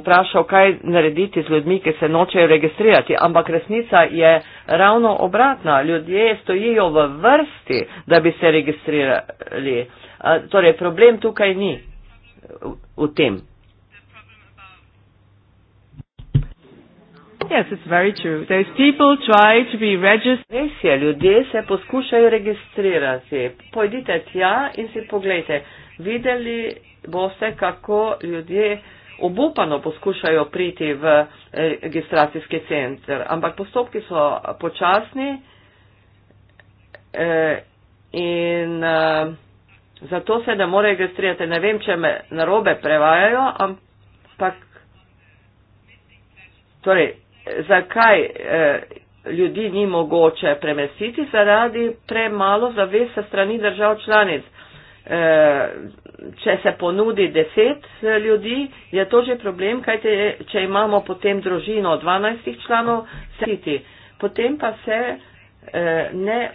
vprašal, kaj narediti z ljudmi, ki se nočejo registrirati, ampak resnica je ravno obratna. Ljudje stojijo v vrsti, da bi se registrirali. Torej, problem tukaj ni v tem. Yes, it's very true. There's people try to be registered. Res je, ljudje se poskušajo registrirati. Pojdite tja in si pogledajte. Videli boste, kako ljudje obupano poskušajo priti v eh, registracijski center. Ampak postopki so počasni eh, in eh, zato se ne more registrirati. Ne vem, če me narobe prevajajo, ampak. Torej, zakaj e, ljudi ni mogoče premestiti zaradi premalo zavese strani držav članic. E, če se ponudi deset eh, ljudi, je to že problem, kaj te, če imamo potem družino 12 članov, se ti. Potem pa se e, ne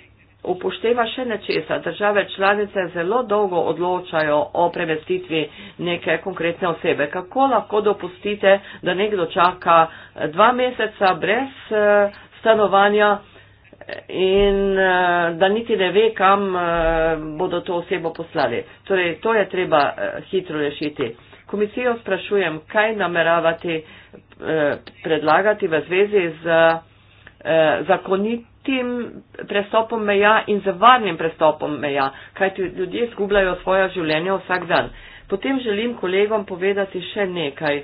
upošteva še nečesa. Države članice zelo dolgo odločajo o premestitvi neke konkretne osebe. Kako lahko dopustite, da nekdo čaka eh, dva meseca brez eh, stanovanja in eh, da niti ne ve, kam bodo to osebo poslali? Torej, to je treba hitro rešiti. Komisijo sprašujem, kaj nameravati predlagati v zvezi z zakonitim čistim prestopom meja in za varnim prestopom meja, kajti ljudje zgubljajo svoja življenja vsak dan. Potem želim kolegom povedati še nekaj.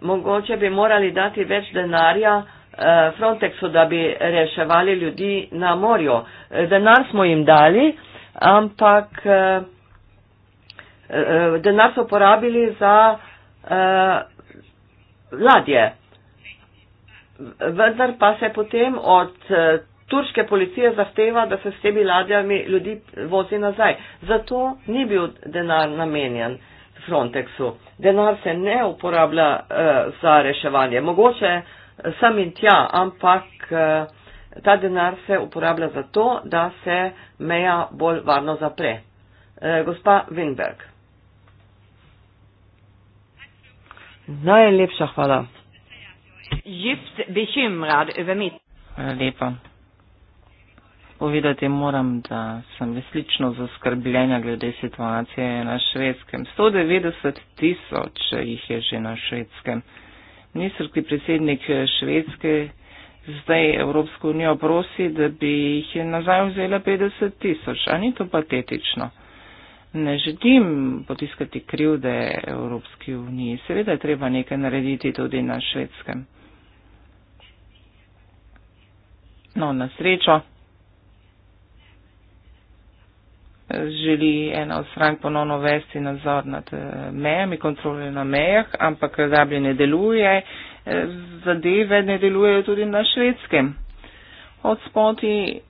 Mogoče bi morali dati več denarja eh, Frontexu, da bi reševali ljudi na morju. Eh, denar smo jim dali, ampak eh, eh, denar so porabili za eh, ladje. Vendar pa se potem od eh, turške policije zahteva, da se s temi ladjami ljudi vozi nazaj. Zato ni bil denar namenjen Frontexu. Denar se ne uporablja uh, za reševanje. Mogoče eh, sam in tja, ampak uh, ta denar se uporablja za to, da se meja bolj varno zapre. Uh, gospa Winberg. Najlepša hvala. Lepa. Povedati moram, da sem resnično zaskrbljena glede situacije na švedskem. 190 tisoč jih je že na švedskem. Ministrski predsednik Švedske zdaj Evropsko unijo prosi, da bi jih je nazaj vzela 50 tisoč. A ni to patetično? Ne želim potiskati krivde Evropski uniji. Seveda je treba nekaj narediti tudi na švedskem. No, na srečo. želi ena od strank ponovno vesti nadzor nad eh, mejami, kontrole na mejah, ampak rabljene deluje, eh, zadeve ne delujejo tudi na švedskem. Odspoti,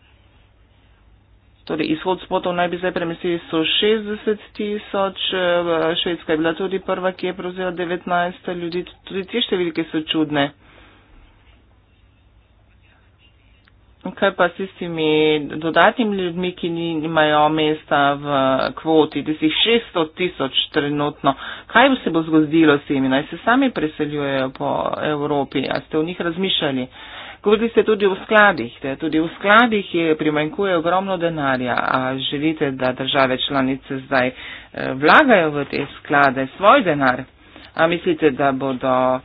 torej izhod spotov naj bi zdaj premestili 160 tisoč, eh, švedska je bila tudi prva, ki je prevzela 19 ljudi, tudi te številke so čudne. kaj pa s tistimi dodatnimi ljudmi, ki nimajo mesta v kvoti, da si jih 600 tisoč trenutno, kaj se bo zgodilo s temi, naj se sami preseljujejo po Evropi, a ste o njih razmišljali? Govorili ste tudi v skladih, te, tudi v skladih je primanjkuje ogromno denarja, a želite, da države članice zdaj eh, vlagajo v te sklade svoj denar, a mislite, da bodo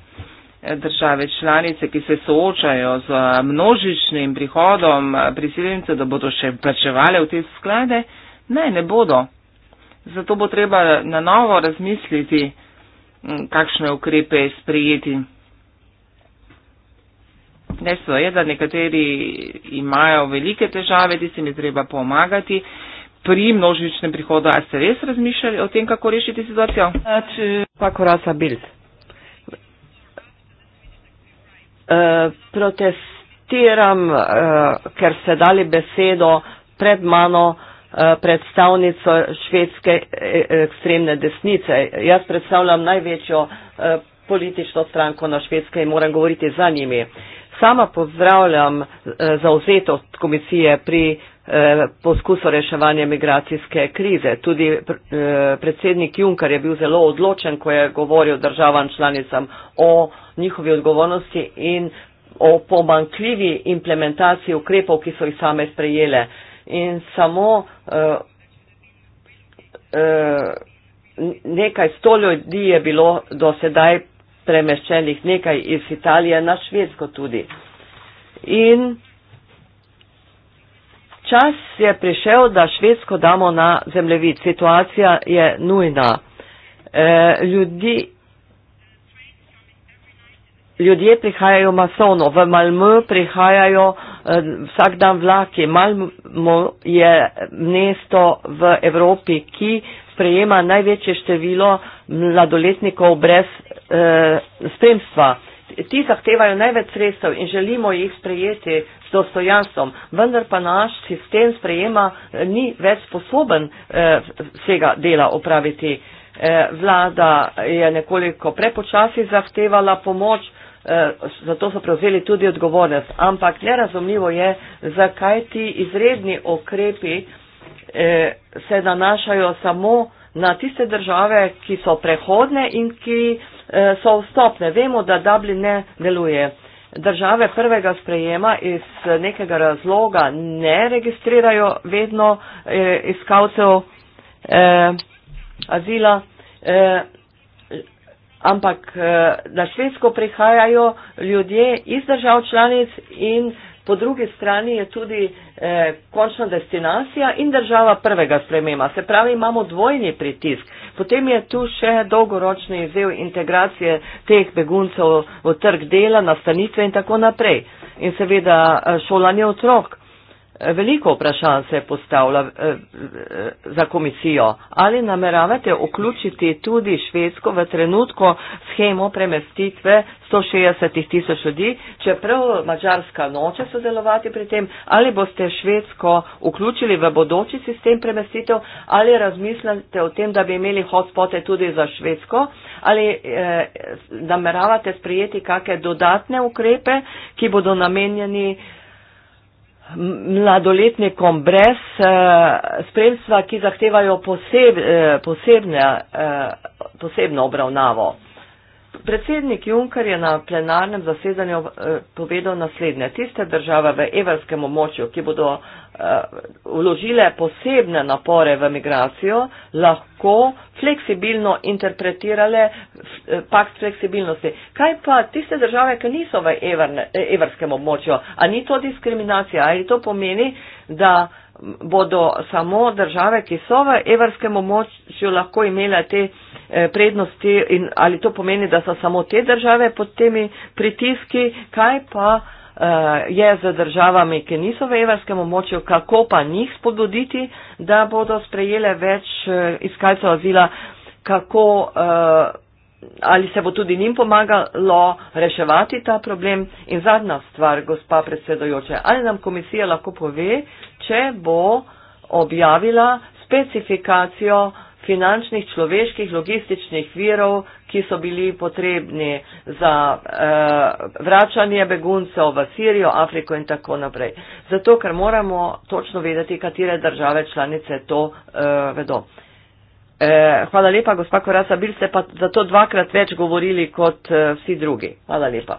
države članice, ki se soočajo z množičnim prihodom priseljencev, da bodo še plačevali v te sklade? Ne, ne bodo. Zato bo treba na novo razmisliti, kakšne ukrepe sprijeti. Dejstvo je, da nekateri imajo velike težave, ti se mi treba pomagati pri množičnem prihodu. A ste res razmišljali o tem, kako rešiti situacijo? Pač, eh, Tako razabilt. Eh, protestiram, eh, ker ste dali besedo pred mano eh, predstavnico švedske ekstremne desnice. Jaz predstavljam največjo politično stranko na švedske in moram govoriti za njimi. Sama pozdravljam zauzetost komisije pri Eh, poskusu reševanja migracijske krize. Tudi eh, predsednik Juncker je bil zelo odločen, ko je govoril državam članicam o njihovi odgovornosti in o pomankljivi implementaciji ukrepov, ki so jih same sprejele. In samo eh, nekaj sto ljudi je bilo do sedaj premeščenih, nekaj iz Italije na Švedsko tudi. In Čas je prišel, da Švedsko damo na zemljevid. Situacija je nujna. E, ljudi, ljudje prihajajo masovno. V Malmö prihajajo e, vsak dan vlaki. Malmö je mesto v Evropi, ki sprejema največje število mladoletnikov brez e, spremstva. Ti zahtevajo največ sredstev in želimo jih sprejeti dostojanstvom, vendar pa naš sistem sprejema eh, ni več sposoben eh, vsega dela opraviti. Eh, vlada je nekoliko prepočasi zahtevala pomoč, zato so prevzeli tudi odgovornost. Ampak nerazumljivo je, zakaj ti izredni okrepi se nanašajo samo na tiste države, ki so prehodne in ki so vstopne. Vemo, da Dublin ne deluje države prvega sprejema iz nekega razloga ne registrirajo vedno eh, iskalcev eh, azila, eh, ampak eh, na švedsko prihajajo ljudje iz držav članic in po drugi strani je tudi eh, končna destinacija in država prvega sprejema. Se pravi, imamo dvojni pritisk. Eh, Potem je tu še dolgoročni izziv integracije teh beguncev v trg dela, nastanitve in tako naprej. In seveda eh, šolanje otrok. Veliko vprašanj se je postavila eh, eh, za komisijo. Ali nameravate vključiti tudi Švedsko v trenutku schemo premestitve 160 tisoč ljudi, čeprav Mačarska noče sodelovati pri tem, ali boste Švedsko vključili v bodoči sistem premestitev, ali razmislite o tem, da bi imeli hotspote tudi za Švedsko, ali eh, nameravate sprijeti kakšne dodatne ukrepe, ki bodo namenjeni eh, mladoletnikom brez eh, spremstva, ki zahtevajo poseb, eh, posebne, eh, posebno obravnavo. Predsednik Juncker je na plenarnem zasedanju eh, povedal naslednje. Tiste države v evropskem območju, ki bodo Eh, vložile posebne napore v migracijo, lahko fleksibilno interpretirale eh, pakt fleksibilnosti. Kaj pa tiste države, ki niso v eh, evrskem območju? A ni to diskriminacija? Ali to pomeni, da bodo samo države, ki so v evrskem območju, lahko imele te prednosti in ali to pomeni, da so samo te države pod temi pritiski? Kaj pa Eh, je z državami, ki niso v evrskem območju, kako pa njih spodbuditi, da bodo sprejele več eh, iskalcev azila, kako, eh, ali se bo tudi njim pomagalo reševati ta problem. In zadnja stvar, gospa predsedojoče, ali nam komisija lahko pove, če bo objavila specifikacijo finančnih, človeških, logističnih virov, ki so bili potrebni za eh, vračanje beguncev v Sirijo, Afriko in tako naprej. Zato, ker moramo točno vedeti, katere države članice to eh, vedo. Eh, hvala lepa, gospa Korasa, bili ste pa za to dvakrat več govorili kot eh, vsi drugi. Hvala lepa.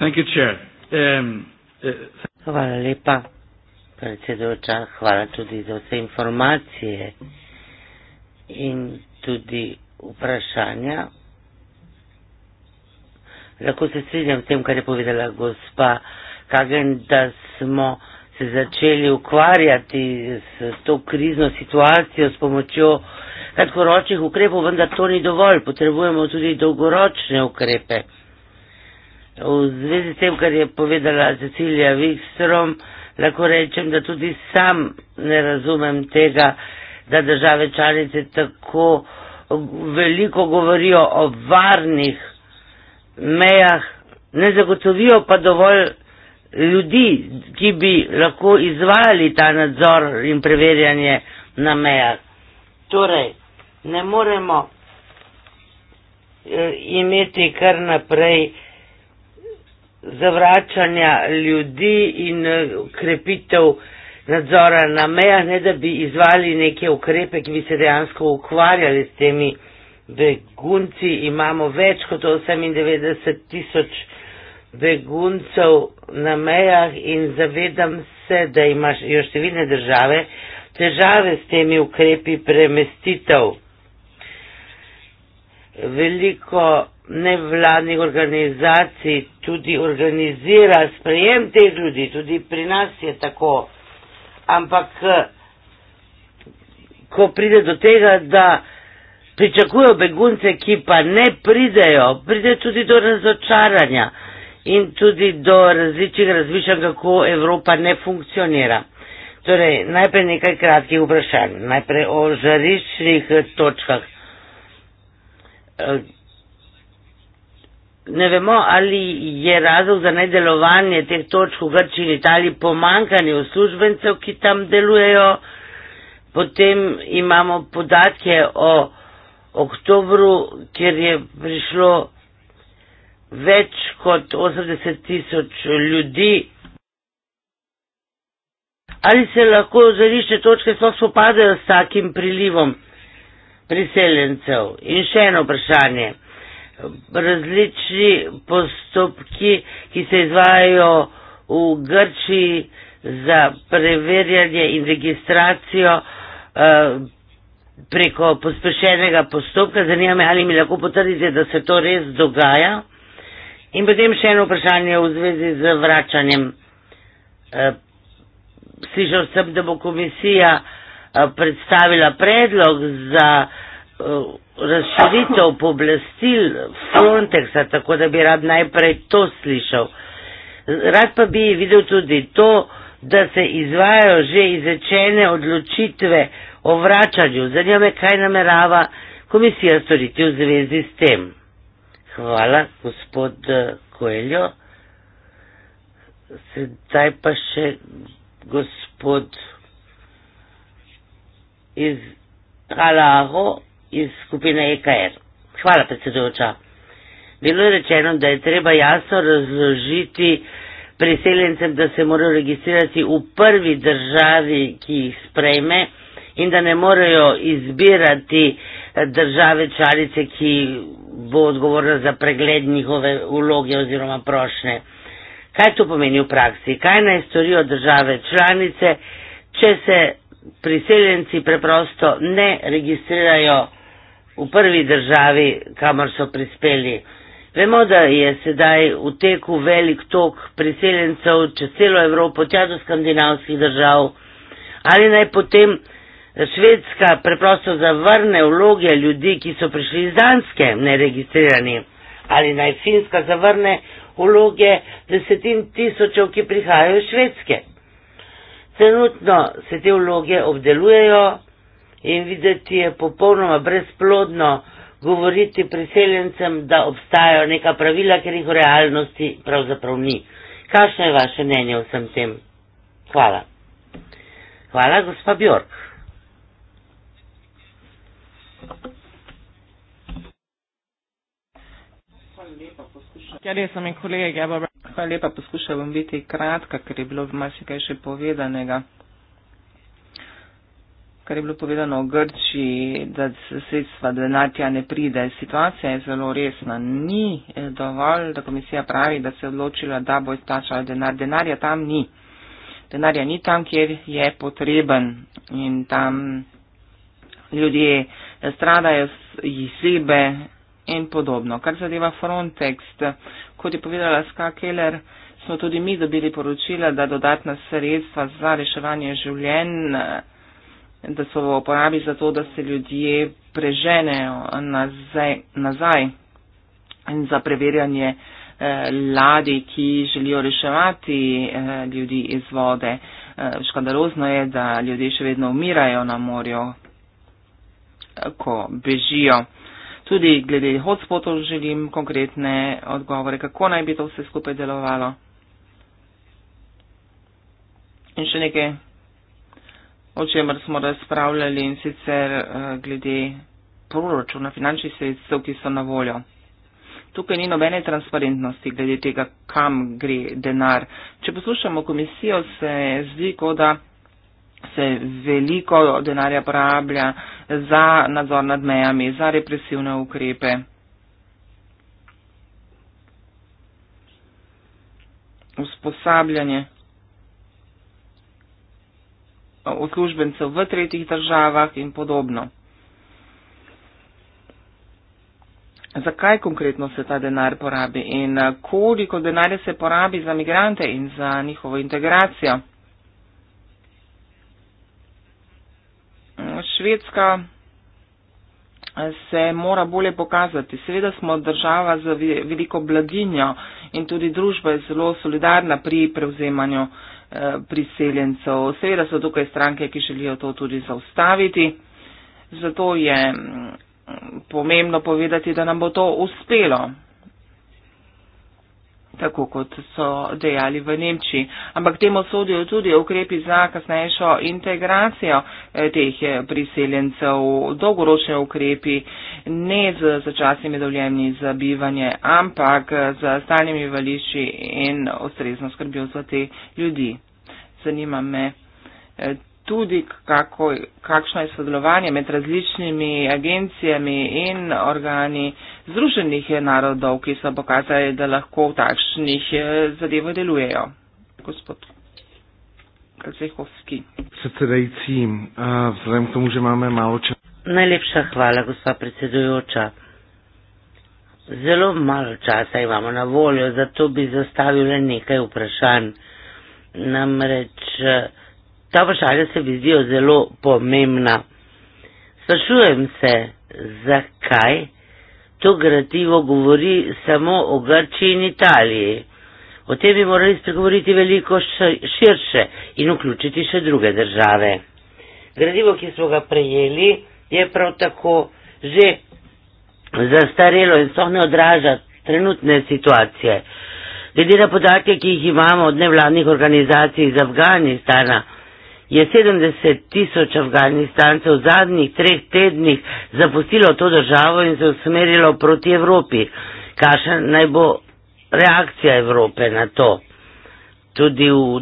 You, um, uh, hvala lepa, predsedujoča. Hvala tudi za vse informacije in tudi vprašanja. Lahko se strinjam s tem, kar je povedala gospa Kagen, da smo se začeli ukvarjati s to krizno situacijo s pomočjo kratkoročnih ukrepov, vendar to ni dovolj. Potrebujemo tudi dolgoročne ukrepe. V zvezi s tem, kar je povedala Cecilija Wikstrom, lahko rečem, da tudi sam ne razumem tega, da države članice tako veliko govorijo o varnih mejah, ne zagotovijo pa dovolj ljudi, ki bi lahko izvajali ta nadzor in preverjanje na mejah. Torej, ne moremo eh, imeti kar naprej zavračanja ljudi in eh, krepitev nadzora na mejah, ne da bi izvali neke ukrepe, ki bi se dejansko ukvarjali s temi begunci. Imamo več kot 98 tisoč beguncev na mejah in zavedam se, da imaš jo številne države težave s temi ukrepi premestitev. Veliko nevladnih organizacij tudi organizira sprejem teh ljudi, tudi pri nas je tako ampak eh, ko pride do tega, da pričakujejo begunce, ki pa ne pridejo, pride tudi do razočaranja in tudi do različnih razmišljanj, kako Evropa ne funkcionira. Torej, najprej nekaj kratkih vprašanj, najprej o žariščnih eh, točkah. Eh, ne vemo, ali je razlog za nedelovanje teh točk v Grčiji in Italiji pomankanje uslužbencev, ki tam delujejo. Potem imamo podatke o oktobru, kjer je prišlo več kot 80 tisoč ljudi. Ali se lahko žarišče točke sploh spopadajo s takim prilivom priseljencev? In še eno vprašanje različni postopki, ki se izvajajo v Grčiji za preverjanje in registracijo eh, preko pospešenega postopka. Zanima me, ali mi lahko potrdite, da se to res dogaja. In potem še eno vprašanje v zvezi z vračanjem. Eh, slišal sem, da bo komisija eh, predstavila predlog za Eh, razširitev poblastil Frontexa, tako da bi rad najprej to slišal. Rad pa bi videl tudi to, da se izvajajo že izrečene odločitve o vračanju. Zanima me, kaj namerava komisija storiti v zvezi s tem. Hvala, gospod eh, Koeljo. Sedaj pa še gospod iz Halaho iz skupine EKR. Hvala, predsedujoča. Bilo je rečeno, da je treba jasno razložiti priseljencem, da se morajo registrirati v prvi državi, ki jih sprejme in da ne morejo izbirati države članice, ki bo odgovorna za pregled njihove vloge oziroma prošnje. Kaj to pomeni v praksi? Kaj naj storijo države članice, če se priseljenci preprosto ne registrirajo? v prvi državi, kamor so prispeli. Vemo, da je sedaj v teku velik tok priseljencev čez celo Evropo, tja do skandinavskih držav. Ali naj potem Švedska preprosto zavrne vloge ljudi, ki so prišli iz Danske, neregistrirani? Ali naj Finska zavrne vloge desetin tisočev, ki prihajajo iz Švedske? Trenutno se te vloge obdelujejo in videti je popolnoma brezplodno govoriti priseljencem, da obstajajo neka pravila, ker jih v realnosti pravzaprav ni. Kakšno je vaše mnenje o vsem tem? Hvala. Hvala, gospa Bjork. Ker je sem in kolege, ja, hvala lepa, poskušala bom biti kratka, ker je bilo v marsikaj še povedanega kar je bilo povedano v Grči, da se sredstva denarja ne pride. Situacija je zelo resna. Ni eh, dovolj, da komisija pravi, da se je odločila, da bo izplačala denar. Denarja tam ni. Denarja ni tam, kjer je potreben in tam ljudje stradajo iz sebe in podobno. Kar zadeva Frontex, kot je povedala Ska Keller, smo tudi mi dobili poročila, da dodatna sredstva za reševanje življenj da so v uporabi za to, da se ljudje preženejo nazaj, nazaj za preverjanje eh, ladi, ki želijo reševati eh, ljudi iz vode. Eh, škandalozno je, da ljudje še vedno umirajo na morju, ko bežijo. Tudi glede hotspotov želim konkretne odgovore, kako naj bi to vse skupaj delovalo. In še nekaj o čemer smo razpravljali in sicer eh, glede proračuna finančnih sredstev, ki so na voljo. Tukaj ni nobene transparentnosti glede tega, kam gre denar. Če poslušamo komisijo, se zdi, kot da se veliko denarja porablja za nadzor nad mejami, za represivne ukrepe. Usposabljanje uslužbencev v tretjih državah in podobno. Zakaj konkretno se ta denar porabi in eh, koliko denarja se porabi za migrante in za njihovo integracijo? Švedska se mora bolje pokazati. Seveda smo država z veliko blaginjo in tudi družba je zelo solidarna pri prevzemanju eh, priseljencev. Seveda so tukaj stranke, ki želijo to tudi zaustaviti. Zato je mm, pomembno povedati, da nam bo to uspelo tako kot so dejali v Nemčiji. Ampak temu sodijo tudi ukrepi za kasnejšo integracijo eh, teh eh, priseljencev, dolgoročne ukrepi, ne z začasnimi dovoljenji za bivanje, ampak eh, z stalnimi vališči in ustrezno skrbjo za te ljudi. Zanima me tudi kako, kakšno je sodelovanje med različnimi agencijami in organi Združenih narodov, ki so pokazali, da lahko v takšnih eh, zadevah delujejo. Gospod Krasehovski. Sredajci, eh, vzhajam k tomu, že imamo malo časa. Najlepša hvala, gospa predsedujoča. Zelo malo časa imamo na voljo, zato bi zastavila nekaj vprašanj. Namreč. Eh, Ta vprašanja se mi zdijo zelo pomembna. Sprašujem se, zakaj to gradivo govori samo o Grči in Italiji. O tem bi morali spregovoriti veliko širše in vključiti še druge države. Gradivo, ki smo ga prejeli, je prav tako že zastarelo in so ne odraža trenutne situacije. Glede na podatke, ki jih imamo od nevladnih organizacij iz Afganistana, je 70 tisoč Afganistancev v zadnjih treh tednih zapustilo to državo in se usmerilo proti Evropi. Kakšna naj bo reakcija Evrope na to? Tudi v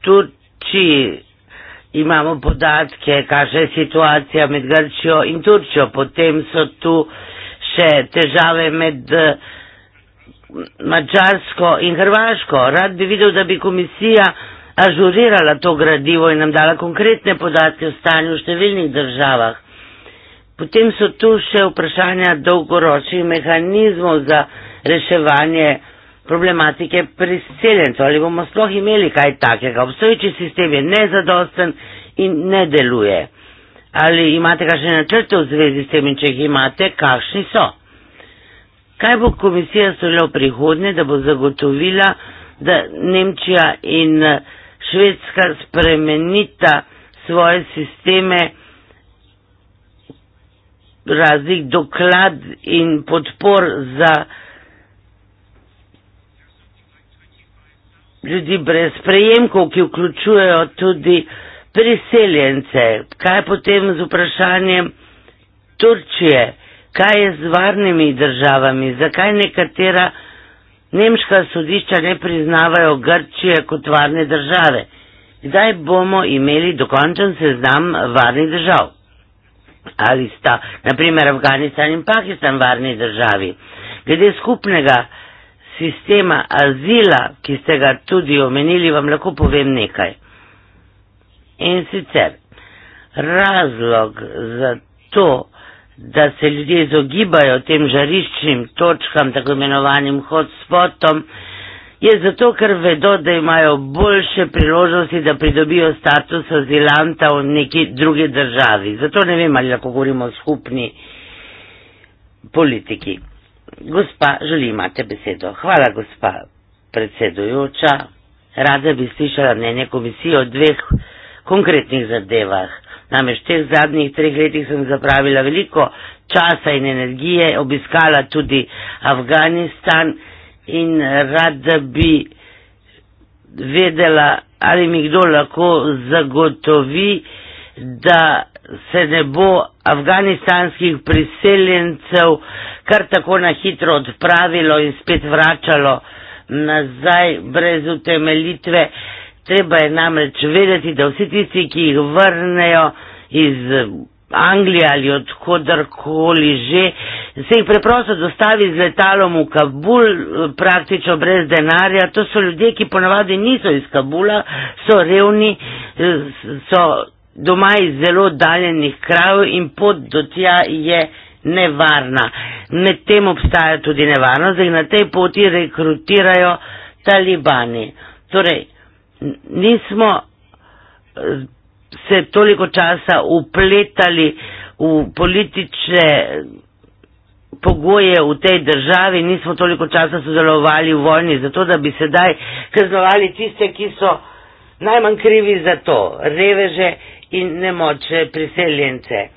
Turčiji imamo podatke, kakšna je situacija med Grčijo in Turčijo. Potem so tu še težave med eh, Mačarsko in Hrvaško. Rad bi videl, da bi komisija ažurirala to gradivo in nam dala konkretne podatke o stanju v številnih državah. Potem so tu še vprašanja dolgoročnih mehanizmov za reševanje problematike priseljencev. Ali bomo sploh imeli kaj takega? Obstoječi sistem je nezadosten in ne deluje. Ali imate kakšne načrte v zvezi s tem in če jih imate, kakšni so? Kaj bo komisija storila v prihodnje, da bo zagotovila, da Nemčija in uh, švedska spremenita svoje sisteme raznih doklad in podpor za ljudi brez prejemkov, ki vključujejo tudi priseljence. Kaj je potem z vprašanjem Turčije? Kaj je z varnimi državami? Zakaj nekatera država? Nemška sodišča ne priznavajo Grčije kot varne države. Kdaj bomo imeli dokončen seznam varnih držav? Ali sta, naprimer, Afganistan in Pakistan varni državi? Glede skupnega sistema azila, ki ste ga tudi omenili, vam lahko povem nekaj. In sicer, razlog za to, da se ljudje izogibajo tem žariščnim točkam, tako imenovanim hotspotom, je zato, ker vedo, da imajo boljše priložnosti, da pridobijo status azilanta v neki drugi državi. Zato ne vem, ali lahko govorimo o skupni politiki. Gospa, želi imate besedo. Hvala, gospa predsedujoča. Rada bi slišala mnenje komisije o dveh konkretnih zadevah. Namreč v teh zadnjih treh letih sem zapravila veliko časa in energije, obiskala tudi Afganistan in rada bi vedela, ali mi kdo lahko zagotovi, da se ne bo afganistanskih priseljencev kar tako na hitro odpravilo in spet vračalo nazaj brez utemelitve treba je namreč vedeti, da vsi tisti, ki jih vrnejo iz eh, Anglije ali odkudarkoli že, se jih preprosto dostavi z letalom v Kabul, eh, praktično brez denarja. To so ljudje, ki ponavadi niso iz Kabula, so revni, eh, so doma iz zelo daljenih krajev in pot do tja je nevarna. Medtem obstaja tudi nevarnost, da jih na tej poti rekrutirajo talibani. Torej, nismo eh, se toliko časa upletali u politične pogoje u tej državi, nismo toliko časa sudjelovali u vojni za to da bi se daj kaznovali tiste ki su najman krivi za to, reveže i nemoće priseljence.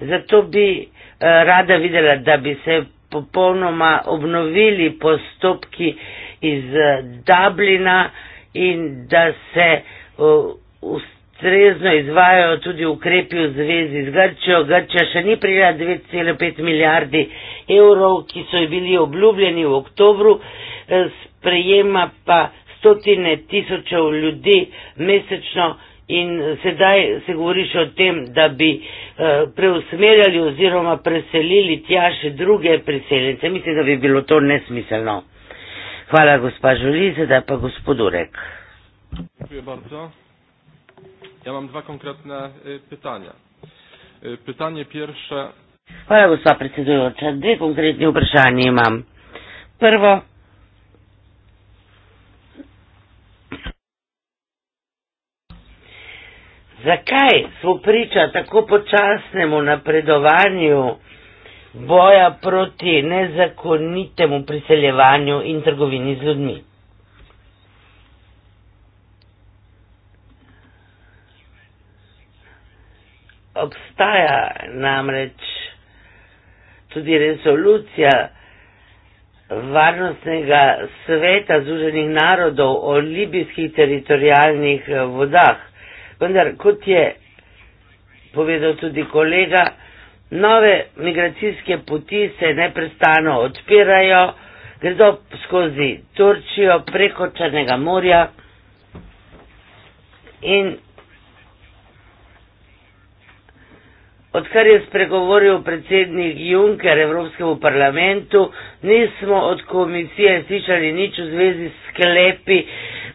Zato bi eh, rada videla da bi se popolnoma obnovili postupki iz eh, Dublina, in da se ustrezno izvajajo tudi ukrepi v zvezi z Grčijo. Grčija še ni prijela 9,5 milijardi evrov, ki so ji bili obljubljeni v oktobru, e, sprejema pa stotine tisočev ljudi mesečno. In sedaj se govori še o tem, da bi e, preusmerjali oziroma preselili tja še druge priseljence. Mislim, da bi bilo to nesmiselno. Hvala, gospa Žuli, zdaj pa gospod Urek. Dziękuję bardzo. Ja mam dwa konkretne pytania. Pytanie pierwsze. Hvala, gospa predsedujoča. Dwie konkretne pytania mam. Prvo. Zakaj smo priča tako počasnemu napredovanju boja proti nezakonitemu priseljevanju in trgovini z ljudmi. Obstaja namreč tudi resolucija Varnostnega sveta Združenih narodov o libijskih teritorijalnih vodah, vendar kot je povedal tudi kolega, Nove migracijske poti se neprestano odpirajo, gredo skozi Turčijo, preko Črnega morja in odkar je spregovoril predsednik Juncker Evropskemu parlamentu, nismo od komisije slišali nič v zvezi s sklepi,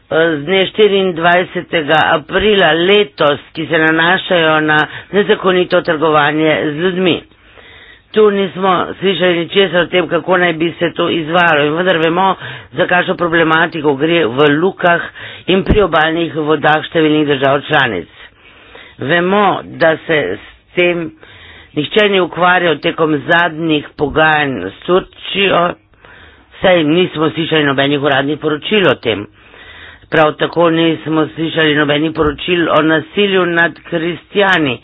Eh, dne 24. aprila letos, ki se nanašajo na nezakonito trgovanje z ljudmi. Tu nismo slišali ničesar o tem, kako naj bi se to izvalo in vendar vemo, za kakšno problematiko gre v lukah in pri obaljnih vodah številnih držav članic. Vemo, da se s tem nihče ni ukvarjal tekom zadnjih pogajanj s Turčijo, saj nismo slišali nobenih uradnih poročil o tem. Prav tako nismo slišali nobenih poročil o nasilju nad kristijani,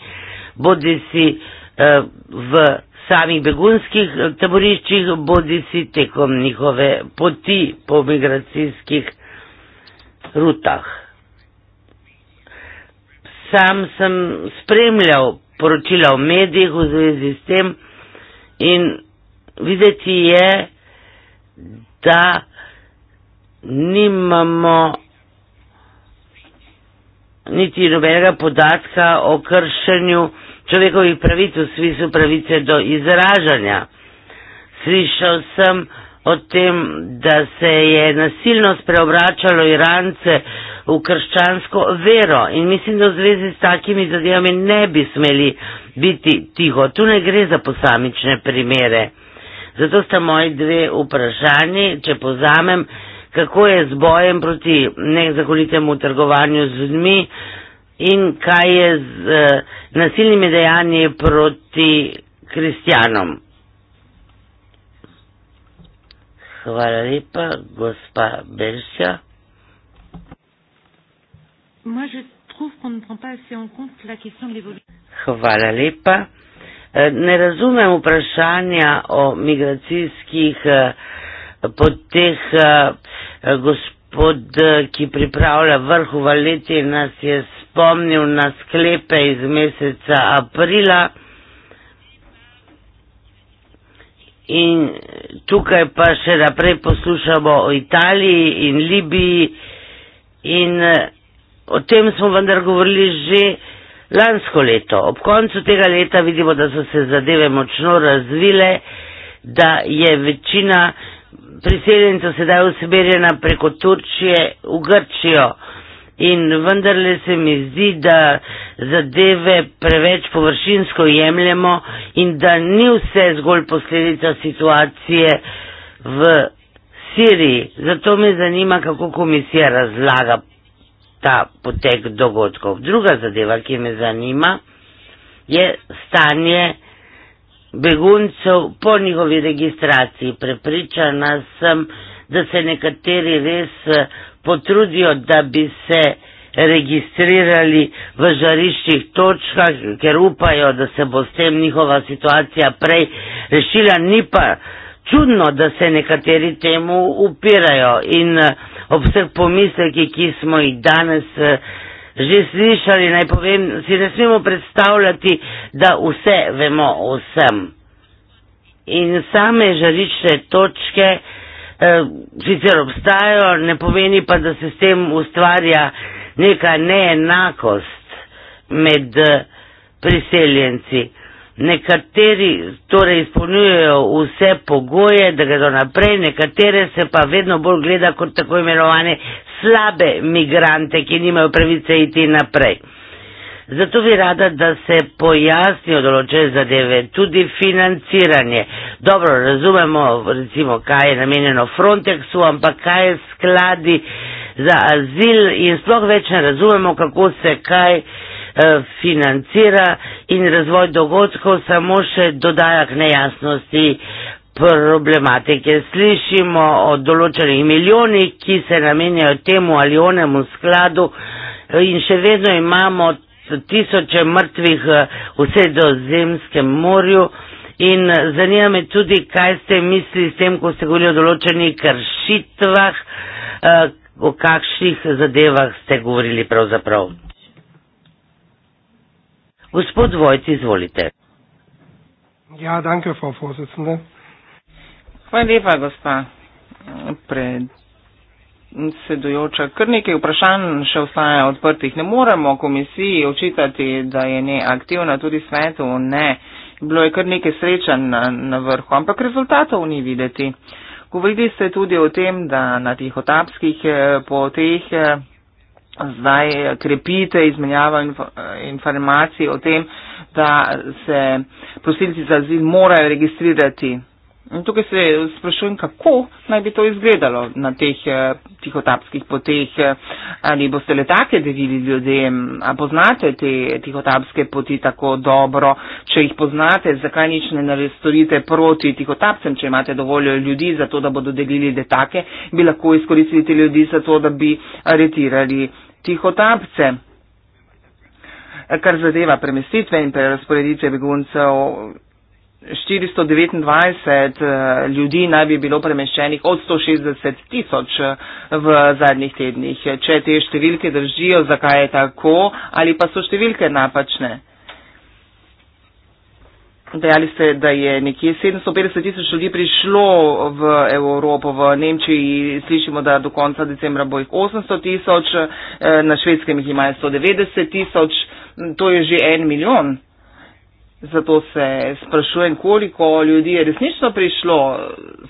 bodi si eh, v samih begunskih eh, taboriščih, bodi si tekom njihove poti po migracijskih rutah. Sam sem spremljal poročila v medijih v zvezi s tem in videti je, da nimamo niti nobenega podatka o kršenju človekovih pravic, v smislu pravice do izražanja. Slišal sem o tem, da se je nasilno spreobračalo Irance v krščansko vero in mislim, da v zvezi s takimi zadevami ne bi smeli biti tiho. Tu ne gre za posamične primere. Zato sta moji dve vprašanji, če povzamem, kako je z bojem proti nezakonitemu trgovanju z ljudmi in kaj je z eh, nasilnimi dejanji proti kristjanom. Hvala lepa, gospa Belša. Hvala lepa. Eh, ne razumem vprašanja o migracijskih eh, poteh eh, Eh, gospod, eh, ki pripravlja vrh v leti, nas je spomnil na sklepe iz meseca aprila. In tukaj pa še naprej poslušamo o Italiji in Libiji in eh, o tem smo vendar govorili že lansko leto. Ob koncu tega leta vidimo, da so se zadeve močno razvile, da je večina priseljenca sedaj usmerjena preko Turčije v Grčijo. In vendarle se mi zdi, da zadeve preveč površinsko jemljemo in da ni vse zgolj posledica situacije v Siriji. Zato me zanima, kako komisija razlaga ta potek dogodkov. Druga zadeva, ki me zanima, je stanje beguncev po njihovi registraciji. Prepričana sem, da se nekateri res eh, potrudijo, da bi se registrirali v žariščih točkah, ker upajo, da se bo s tem njihova situacija prej rešila. Ni pa čudno, da se nekateri temu upirajo in eh, ob vseh pomisleki, ki smo jih danes eh, že slišali, naj povem, si ne smemo predstavljati, da vse vemo o vsem. In same žarične točke eh, sicer obstajajo, ne pomeni pa, da se s tem ustvarja neka neenakost med eh, priseljenci nekateri torej izpolnjujejo vse pogoje, da gredo naprej, nekatere se pa vedno bolj gleda kot tako imenovane slabe migrante, ki nimajo pravice iti naprej. Zato bi rada, da se pojasnijo določene zadeve, tudi financiranje. Dobro, razumemo, recimo, kaj je namenjeno Frontexu, ampak kaj je skladi za azil in sploh več ne razumemo, kako se kaj Eh, financira in razvoj dogodkov samo še dodaja k nejasnosti problematike. Slišimo o določenih milijonih, ki se namenjajo temu ali onemu skladu eh, in še vedno imamo tisoče mrtvih eh, v sredozemskem morju in zanima me tudi, kaj ste mislili s tem, ko ste govorili o določenih kršitvah, o kakšnih zadevah ste govorili pravzaprav. Gospod Vojc, izvolite. Ja, danke, Frau Vorsitzende. Hvala lepa, gospa eh, predsedujoča. Kar nekaj vprašanj še ostaja odprtih. Ne moremo komisiji očitati, da je neaktivna tudi svetu, ne. Bilo je kar nekaj srečan na, na vrhu, ampak rezultatov ni videti. Govorili ste tudi o tem, da na tih otapskih eh, poteh eh, zdaj eh, krepite izmenjava eh, informacij o tem, da se prosilci za azil morajo registrirati Tukaj se sprašujem, kako naj bi to izgledalo na teh eh, tihotapskih poteh. Eh, Ali boste letake delili ljudem? A poznate te tihotapske poti tako dobro? Če jih poznate, zakaj nič ne naredite proti tihotapcem? Če imate dovolj ljudi za to, da bodo delili letake, bi lahko izkoristili te ljudi za to, da bi aretirali tihotapce. Eh, kar zadeva premestitve in prerasporeditve beguncev, 429 eh, ljudi naj bi bilo premeščenih od 160 tisoč eh, v zadnjih tednih. Če te številke držijo, zakaj je tako ali pa so številke napačne? Dejali ste, da je nekje 750 tisoč ljudi prišlo v Evropo, v Nemčiji slišimo, da do konca decembra bo jih 800 tisoč, eh, na švedskem jih imajo 190 tisoč, to je že en milijon. Zato se sprašujem, koliko ljudi je resnično prišlo,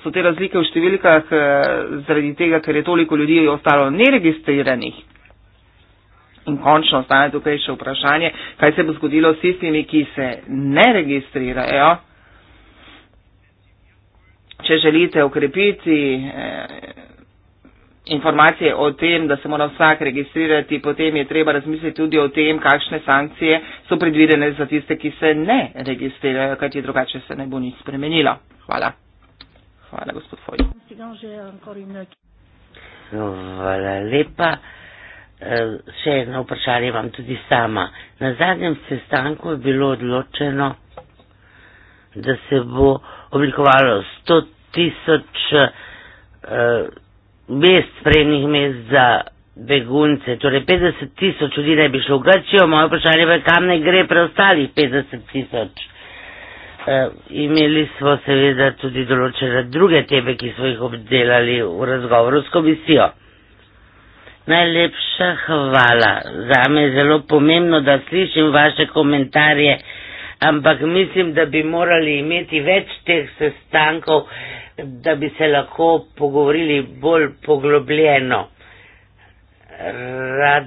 so te razlike v številkah eh, zaradi tega, ker je toliko ljudi ostalo neregistriranih. In končno ostane tukaj še vprašanje, kaj se bo zgodilo s tistimi, ki se ne registrirajo. Če želite ukrepiti. Eh, informacije o tem, da se mora vsak registrirati, potem je treba razmisliti tudi o tem, kakšne sankcije so predvidene za tiste, ki se ne registrirajo, kajti drugače se ne bo nič spremenilo. Hvala. Hvala, gospod Foj. No, hvala lepa. E, še eno vprašanje vam tudi sama. Na zadnjem sestanku je bilo odločeno, da se bo oblikovalo 100 tisoč e, mest, sprednjih mest za begunce. Torej, 50 tisoč ljudi naj bi šlo v Grčijo, moje vprašanje pa je, kam naj gre preostalih 50 tisoč. E, imeli smo seveda tudi določene druge tebe, ki smo jih obdelali v razgovoru s komisijo. Najlepša hvala. Zame je zelo pomembno, da slišim vaše komentarje, ampak mislim, da bi morali imeti več teh sestankov da bi se lahko pogovorili bolj poglobljeno. Rad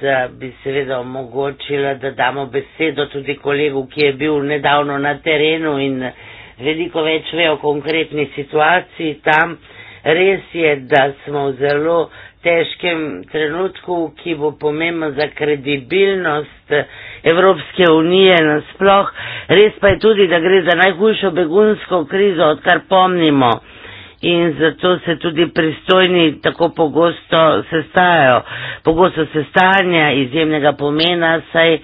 da bi seveda omogočila, da damo besedo tudi kolegu, ki je bil nedavno na terenu in veliko več ve o konkretni situaciji tam. Res je, da smo v zelo težkem trenutku, ki bo pomembno za kredibilnost Evropske unije nasploh. Res pa je tudi, da gre za najhujšo begunsko krizo, odkar pomnimo. In zato se tudi pristojni tako pogosto sestajajo. Pogosto sestanja izjemnega pomena, saj eh,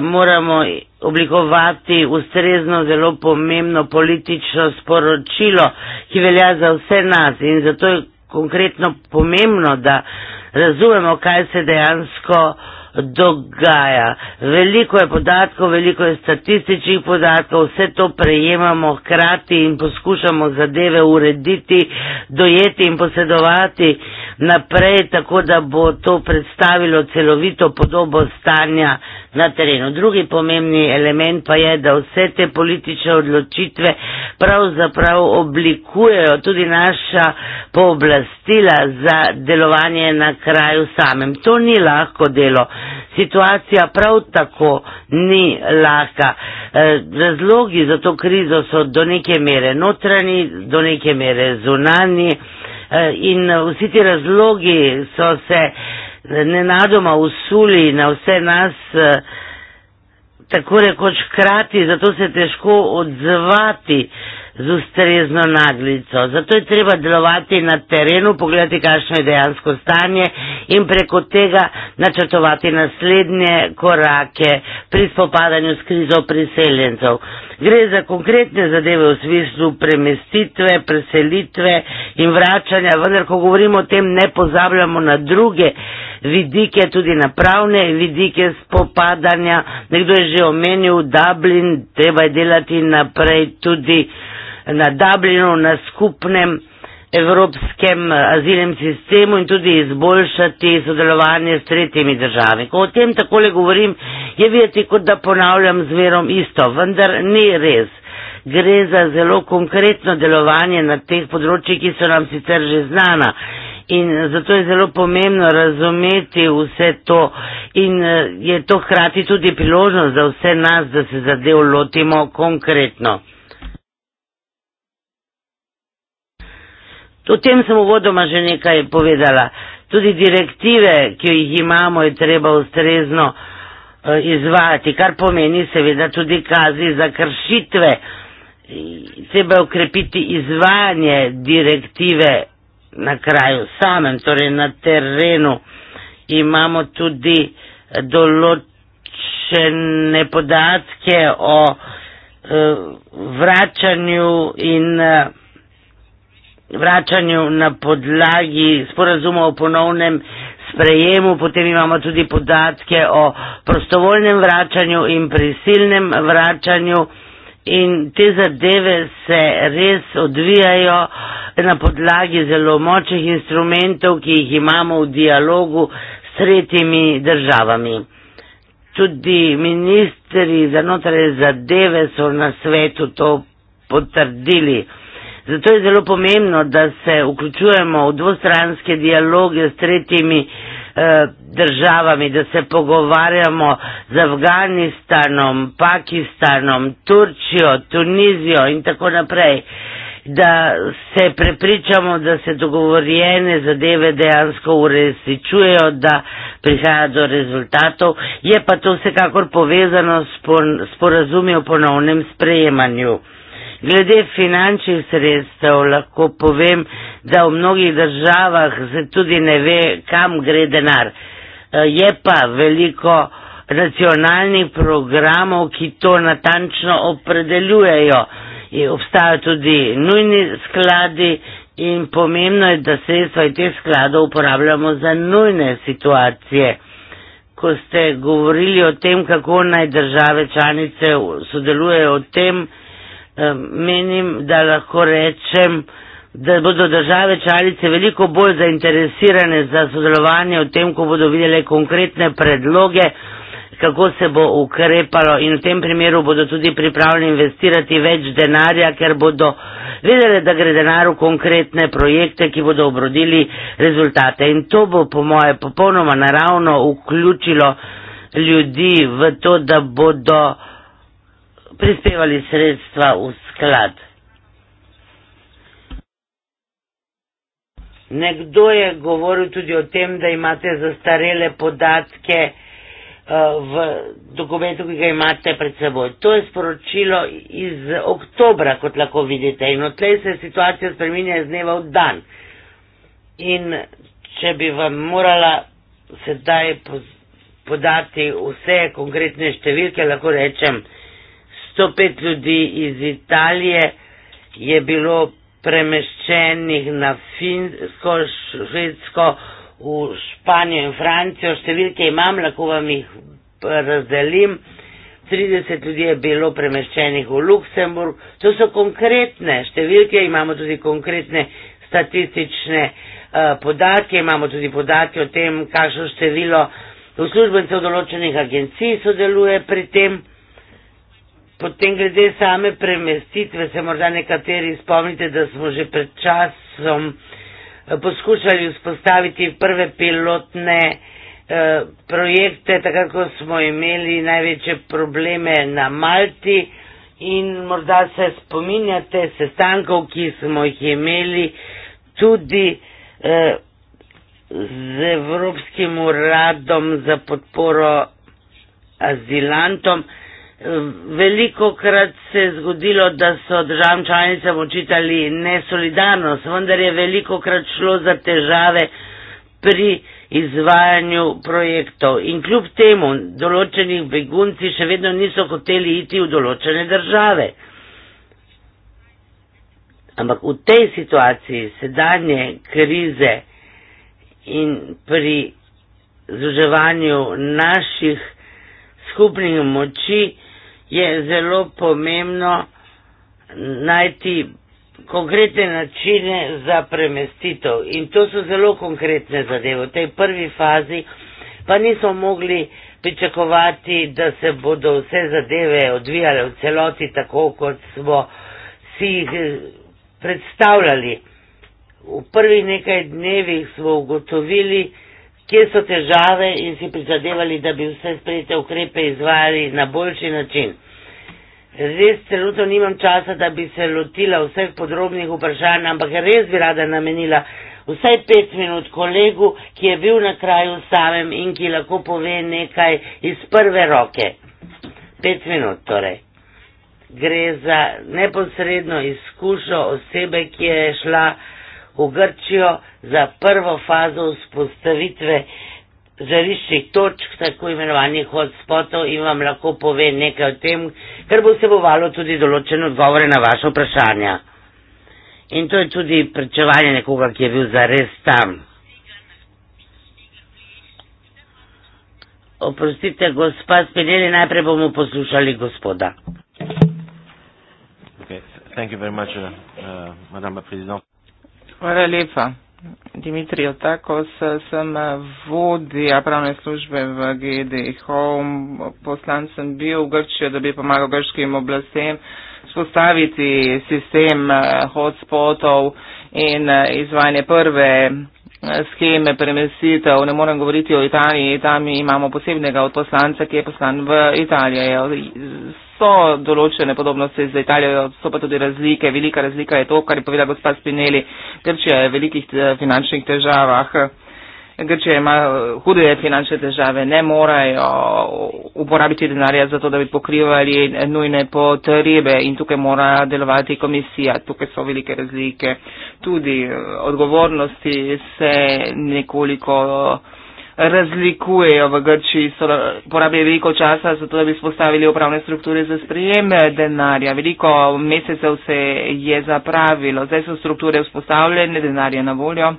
moramo oblikovati ustrezno, zelo pomembno politično sporočilo, ki velja za vse nas. In zato je konkretno pomembno, da razumemo, kaj se dejansko dogaja. Veliko je podatkov, veliko je statističnih podatkov, vse to prejemamo hkrati in poskušamo zadeve urediti, dojeti in posedovati naprej, tako da bo to predstavilo celovito podobo stanja na terenu. Drugi pomembni element pa je, da vse te politične odločitve pravzaprav oblikujejo tudi naša pooblastila za delovanje na kraju samem. To ni lahko delo. Situacija prav tako ni lahka. E, razlogi za to krizo so do neke mere notranji, do neke mere zunani e, in vsi ti razlogi so se nenadoma usuli na vse nas eh, tako rekoč hkrati, zato se težko odzvati z ustrezno naglico. Zato je treba delovati na terenu, pogledati, kakšno je dejansko stanje in preko tega načrtovati naslednje korake pri spopadanju s krizo priseljencev. Gre za konkretne zadeve v smislu premestitve, preselitve in vračanja, vendar ko govorimo o tem, ne pozabljamo na druge vidike, tudi na pravne vidike spopadanja. Nekdo je že omenil Dublin, treba je delati naprej tudi na Dublinu, na skupnem evropskem azilnem sistemu in tudi izboljšati sodelovanje s tretjimi državami. Ko o tem takole govorim, je videti, kot da ponavljam z verom isto, vendar ni res. Gre za zelo konkretno delovanje na teh področjih, ki so nam sicer že znana in zato je zelo pomembno razumeti vse to in eh, je to hkrati tudi priložnost za vse nas, da se zadev lotimo konkretno. O tem sem uvodoma že nekaj povedala. Tudi direktive, ki jih imamo, je treba ustrezno eh, izvajati, kar pomeni seveda tudi kazi za kršitve. Treba je ukrepiti izvajanje direktive na kraju samem, torej na terenu, imamo tudi določene podatke o uh, vračanju in uh, vračanju na podlagi sporazuma o ponovnem sprejemu, potem imamo tudi podatke o prostovoljnem vračanju in prisilnem vračanju in te zadeve se res odvijajo na podlagi zelo močnih instrumentov, ki jih imamo v dialogu s tretjimi državami. Tudi ministri za notranje zadeve so na svetu to potrdili. Zato je zelo pomembno, da se vključujemo v dvostranske dialoge s tretjimi državami. Eh, državami, da se pogovarjamo z Afganistanom, Pakistanom, Turčijo, Tunizijo in tako naprej, da se prepričamo, da se dogovorjene zadeve dejansko uresničujejo, da prihaja do rezultatov, je pa to vsekakor povezano s porazumijo ponovnem sprejemanju. Glede finančnih sredstev lahko povem, da v mnogih državah se tudi ne ve, kam gre denar. Eh, je pa veliko racionalnih programov, ki to natančno opredeljujejo. Obstajajo tudi nujni skladi in pomembno je, da sredstva iz teh skladov uporabljamo za nujne situacije. Ko ste govorili o tem, kako naj države članice sodelujejo v tem, menim, da lahko rečem, da bodo države članice veliko bolj zainteresirane za sodelovanje v tem, ko bodo videli konkretne predloge, kako se bo ukrepalo in v tem primeru bodo tudi pripravljeni investirati več denarja, ker bodo vedeli, da gre denar v konkretne projekte, ki bodo obrodili rezultate. In to bo po moje popolnoma naravno vključilo ljudi v to, da bodo prispevali sredstva v sklad. Nekdo je govoril tudi o tem, da imate zastarele podatke eh, v dokumentu, ki ga imate pred seboj. To je sporočilo iz oktobra, kot lahko vidite. In odtlej se situacija spreminja iz dneva v dan. In če bi vam morala sedaj podati vse konkretne številke, lahko rečem, 105 ljudi iz Italije je bilo premeščenih na Finsko, Švedsko, v Španijo in Francijo. Številke imam, lahko vam jih razdelim. 30 ljudi je bilo premeščenih v Luksemburg. To so konkretne številke, imamo tudi konkretne statistične uh, podatke, imamo tudi podatke o tem, kakšno število uslužbencev določenih agencij sodeluje pri tem. Potem glede same premestitve se morda nekateri spomnite, da smo že pred časom eh, poskušali vzpostaviti prve pilotne eh, projekte, takrat, ko smo imeli največje probleme na Malti in morda se spominjate sestankov, ki smo jih imeli tudi eh, z Evropskim uradom za podporo azilantom. Veliko krat se je zgodilo, da so državam članicam očitali nesolidarnost, vendar je veliko krat šlo za težave pri izvajanju projektov. In kljub temu določenih begunci še vedno niso hoteli iti v določene države. Ampak v tej situaciji sedanje krize in pri združevanju naših skupnih moči, je zelo pomembno najti konkretne načine za premestitev. In to so zelo konkretne zadeve. V tej prvi fazi pa nismo mogli pričakovati, da se bodo vse zadeve odvijale v celoti tako, kot smo si jih eh, predstavljali. V prvih nekaj dnevih smo ugotovili, kje so težave in si prizadevali, da bi vse sprejete ukrepe izvajali na boljši način. Res trenutno nimam časa, da bi se lotila vseh podrobnih vprašanj, ampak res bi rada namenila vsaj pet minut kolegu, ki je bil na kraju samem in ki lahko pove nekaj iz prve roke. Pet minut torej. Gre za neposredno izkušnjo osebe, ki je šla v Grčijo za prvo fazo vzpostavitve žariščnih točk, tako imenovanih hotspotov in vam lahko pove nekaj o tem, ker bo vsebovalo tudi določene odgovore na vaše vprašanja. In to je tudi pričevanje nekoga, ki je bil zares tam. Oprostite, gospa Spinelli, najprej bomo poslušali gospoda. Okay. Thank you very much, uh, uh, Madame President. Hvala lepa. Dimitri Otakos, sem vodja pravne službe v GD Home. Poslan sem bil v Grčijo, da bi pomagal grškim oblastem spostaviti sistem eh, hotspotov in eh, izvajanje prve scheme premestitev. Ne morem govoriti o Italiji, tam imamo posebnega odposlanca, ki je poslan v Italijo. So določene podobnosti z Italijo, so pa tudi razlike. Velika razlika je to, kar je povedala gospod Spinelli, Grčija je v velikih eh, finančnih težavah. Grčija ima eh, hude finančne države, ne morajo uporabiti denarja za to, da bi pokrivali nujne potrebe in tukaj mora delovati komisija. Tukaj so velike razlike. Tudi eh, odgovornosti se nekoliko eh, razlikujejo v Grčiji, so porabili veliko časa za to, da bi spostavili upravne strukture za sprejem denarja. Veliko mesecev se je zapravilo, zdaj so strukture vzpostavljene, denar je na voljo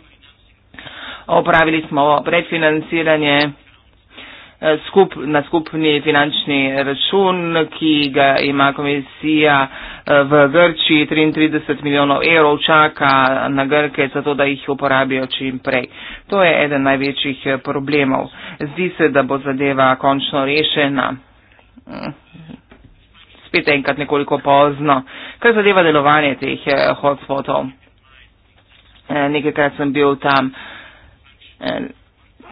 opravili smo predfinanciranje eh, skup, na skupni finančni račun, ki ga ima komisija eh, v Grčiji, 33 milijonov evrov čaka na Grke, zato da jih uporabijo čim prej. To je eden največjih eh, problemov. Zdi se, da bo zadeva končno rešena. Mm. Spet enkrat nekoliko pozno. Kaj zadeva delovanje teh hotspotov? Nekajkrat sem bil tam. Uh,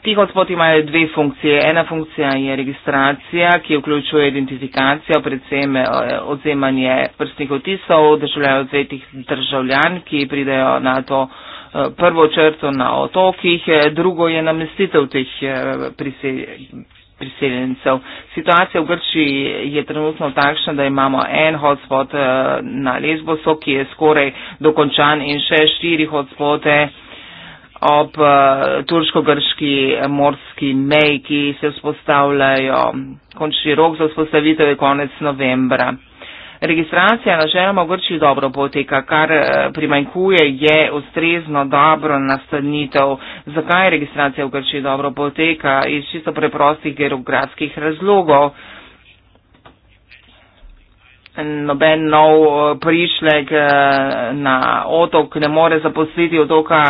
Ti hotspoti imajo dve funkcije. Ena funkcija je registracija, ki vključuje identifikacijo, predvsem eh, odzemanje prstnih otisov državljanov odzetih državljan, ki pridejo na to eh, prvo črto na otokih, drugo je namestitev teh eh, priseljencev. Situacija v Grčiji je trenutno takšna, da imamo en hotspot na Lesboso, ki je skoraj dokončan in še štiri hotspote ob uh, turško-grški morski mej, ki se vzpostavljajo. Končni rok za vzpostavitev je konec novembra. Registracija na želoma v Grči dobro poteka, kar eh, primanjkuje je ustrezno dobro nastanitev. Zakaj registracija v Grči dobro poteka? Iz čisto preprostih geografskih razlogov. Uh, noben nov eh, prišlek eh, na otok ne more zaposliti otoka,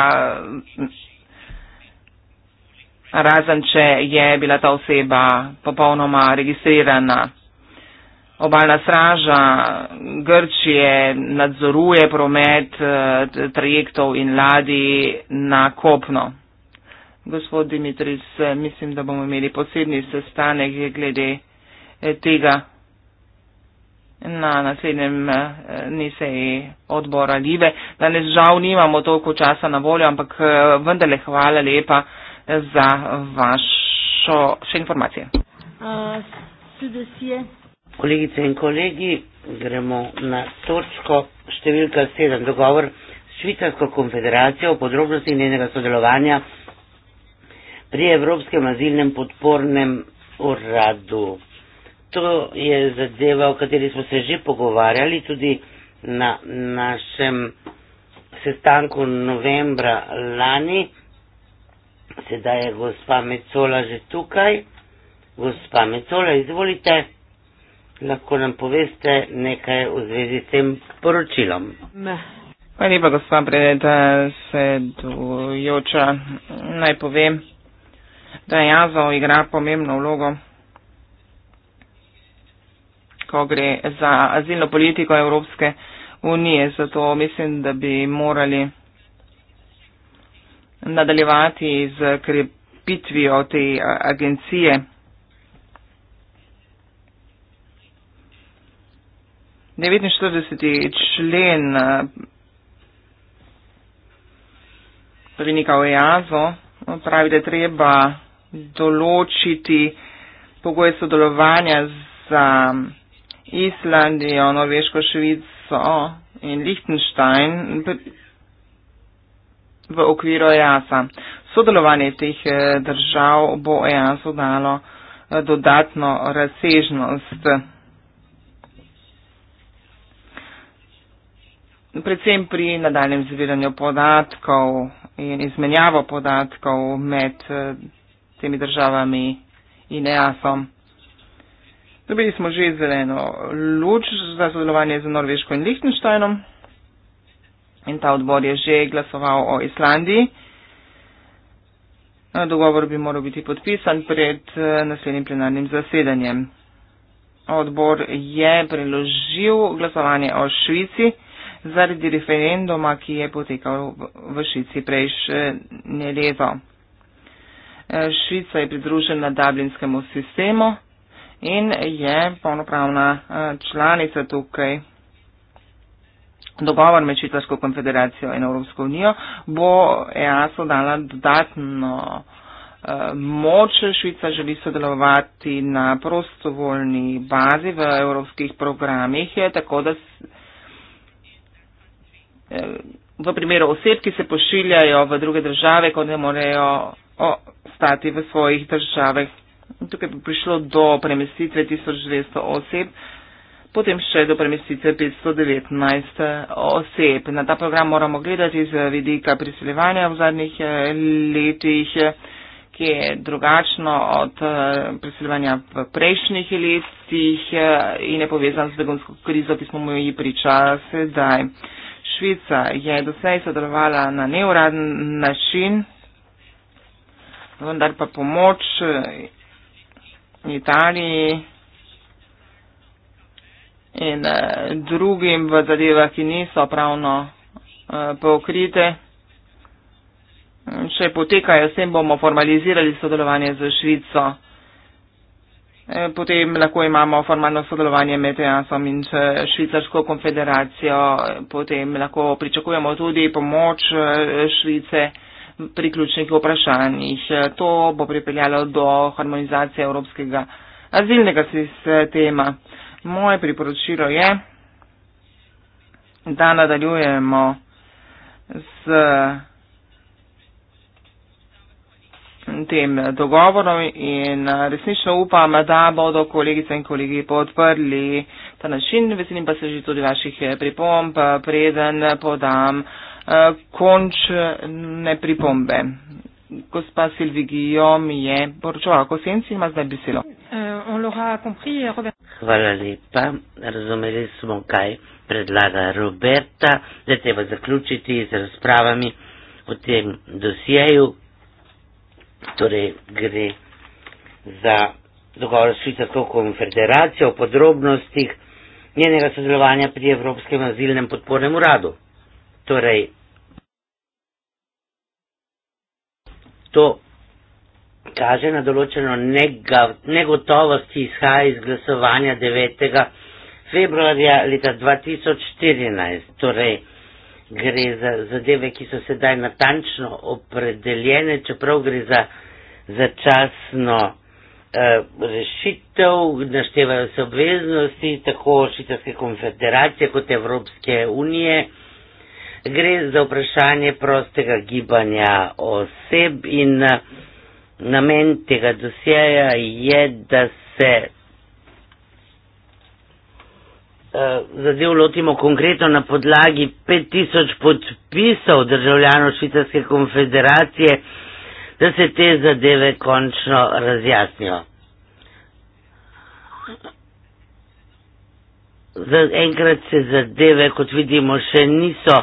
razen če je bila ta oseba popolnoma registrirana. Obalna straža Grčije nadzoruje promet eh, trajektov in ladij na kopno. Gospod Dimitris, mislim, da bomo imeli posebni sestanek glede tega na naslednjem eh, neseji odbora Live. Danes žal nimamo toliko časa na voljo, ampak eh, vendarle hvala lepa eh, za vašo še informacijo. Kolegice in kolegi, gremo na točko številka 7, dogovor s Švicarsko konfederacijo o podrobnosti njenega sodelovanja pri Evropskem azilnem podpornem uradu to je zadeva, o kateri smo se že pogovarjali tudi na našem sestanku novembra lani. Sedaj je gospa Mecola že tukaj. Gospa Mecola, izvolite, lahko nam poveste nekaj v zvezi s tem poročilom. Ne. Hvala lepa, gospa predeta sedujoča. Naj povem, da je jazo igra pomembno vlogo ko gre za azilno politiko Evropske unije. Zato mislim, da bi morali nadaljevati z krepitvijo te agencije. člen Prvnika OEAZO no, pravi, da je treba določiti pogoje sodelovanja za Islandijo, Norveško, Švico in Liechtenstein v okviru EASA. Sodelovanje teh eh, držav bo EASO dalo eh, dodatno razsežnost. Predvsem pri nadaljem zbiranju podatkov in izmenjavo podatkov med eh, temi državami in EASOM. Dobili smo že zeleno luč za sodelovanje z Norveško in Lichtensteinom in ta odbor je že glasoval o Islandiji. Dogovor bi moral biti podpisan pred eh, naslednjim plenarnim zasedanjem. Odbor je preložil glasovanje o Švici zaradi referenduma, ki je potekal v Švici prejšnje leto. Eh, Švica je pridružena Dublinskemu sistemu in je polnopravna eh, članica tukaj. Dogovor med Švicarsko konfederacijo in Evropsko unijo bo EASO dala dodatno eh, moč. Švica želi sodelovati na prostovoljni bazi v evropskih programih, eh, tako da v primeru oseb, ki se pošiljajo v druge države, ko ne morejo ostati v svojih državah, tukaj bi prišlo do premestitve 1200 oseb, potem še do premestitve 519 oseb. Na ta program moramo gledati z vidika priseljevanja v zadnjih eh, letih, ki je drugačno od eh, priseljevanja v prejšnjih letih eh, in je povezan z begonsko krizo, ki smo mu ji pričali sedaj. Švica je doslej sodelovala na neuraden način, vendar pa pomoč v Italiji in eh, drugim v zadevah, ki niso pravno eh, pokrite. Če potekajo, s tem bomo formalizirali sodelovanje z Švico. Eh, potem lahko imamo formalno sodelovanje med EASOM in Švicarsko konfederacijo. Potem lahko pričakujemo tudi pomoč Švice pri ključnih vprašanjih. To bo pripeljalo do harmonizacije evropskega azilnega sistema. Moje priporočilo je, da nadaljujemo z tem dogovorom in resnično upam, da bodo kolegice in kolegi podprli ta način. Veselim pa se že tudi vaših pripomb, preden podam uh, Eh, končne pripombe. Gospa Silvi Gijom je poročala Kosenci in ima zdaj besedo. Eh, Hvala lepa. Razumeli smo, kaj predlaga Roberta. Zdaj treba zaključiti z razpravami o tem dosjeju. Torej gre za dogovor s Švicarsko konfederacijo o podrobnostih njenega sodelovanja pri Evropskem azilnem podpornem uradu. Torej, to kaže na določeno negotovost, ki izhaja iz glasovanja 9. februarja leta 2014. Torej, gre za zadeve, ki so sedaj natančno opredeljene, čeprav gre za začasno eh, rešitev, naštevajo se obveznosti tako Švicarske konfederacije kot Evropske unije gre za vprašanje prostega gibanja oseb in eh, namen tega dosjeja je, da se eh, zadev lotimo konkretno na podlagi 5000 podpisov državljanov Švicarske konfederacije, da se te zadeve končno razjasnijo zaenkrat se zadeve, kot vidimo, še niso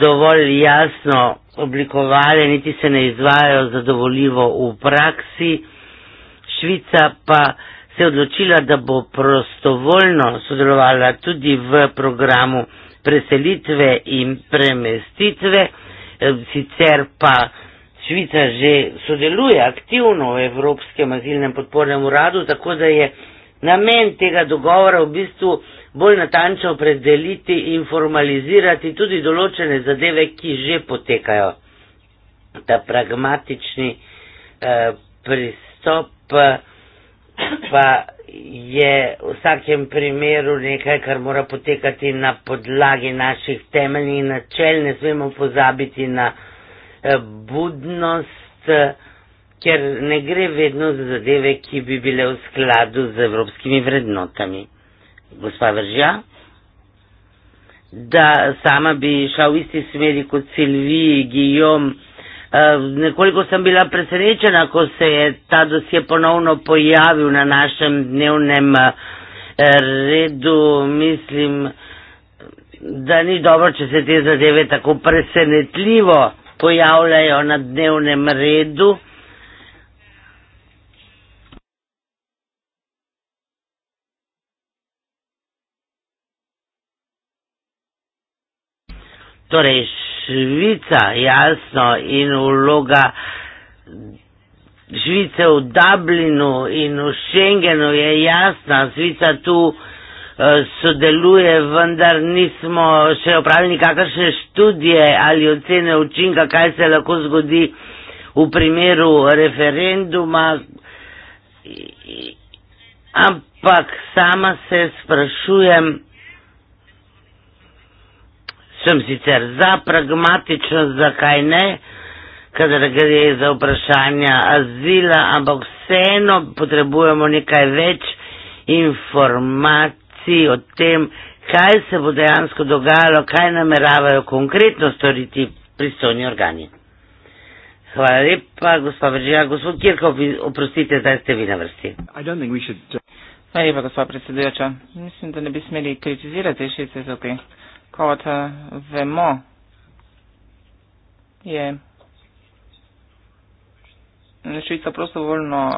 dovolj jasno oblikovale, niti se ne izvajajo zadovoljivo v praksi. Švica pa se je odločila, da bo prostovoljno sodelovala tudi v programu preselitve in premestitve, eh, sicer pa Švica že sodeluje aktivno v Evropskem azilnem podpornem uradu, tako da je namen tega dogovora v bistvu bolj natančno predeliti in formalizirati tudi določene zadeve, ki že potekajo. Ta pragmatični eh, pristop eh, pa je v vsakem primeru nekaj, kar mora potekati na podlagi naših temeljnih načel. Ne smemo pozabiti na eh, budnost, ker ne gre vedno za zadeve, ki bi bile v skladu z evropskimi vrednotami gospa Vržja, da sama bi šla v isti smeri kot Silvi, Gijom. Eh, nekoliko sem bila presrečena, ko se je ta dosje ponovno pojavil na našem dnevnem eh, redu. Mislim, da ni dobro, če se te zadeve tako presenetljivo pojavljajo na dnevnem redu. torej Švica jasno in vloga Švice v Dublinu in v Schengenu je jasna, Švica tu eh, sodeluje, vendar nismo še opravili kakršne študije ali ocene učinka, kaj se lahko zgodi v primeru referenduma. Ampak sama se sprašujem, sem sicer za pragmatičnost, zakaj ne, kadar gre za vprašanja azila, ampak vseeno potrebujemo nekaj več informacij o tem, kaj se bo dejansko dogajalo, kaj nameravajo konkretno storiti pristojni organi. Hvala lepa, gospod Vržija. Gospod Kirko, oprostite, zdaj ste vi na vrsti. Hvala lepa, gospod predsedujoča. Mislim, da ne bi smeli kritizirati rešitve za okay. to kot eh, vemo, je Švica prostovoljno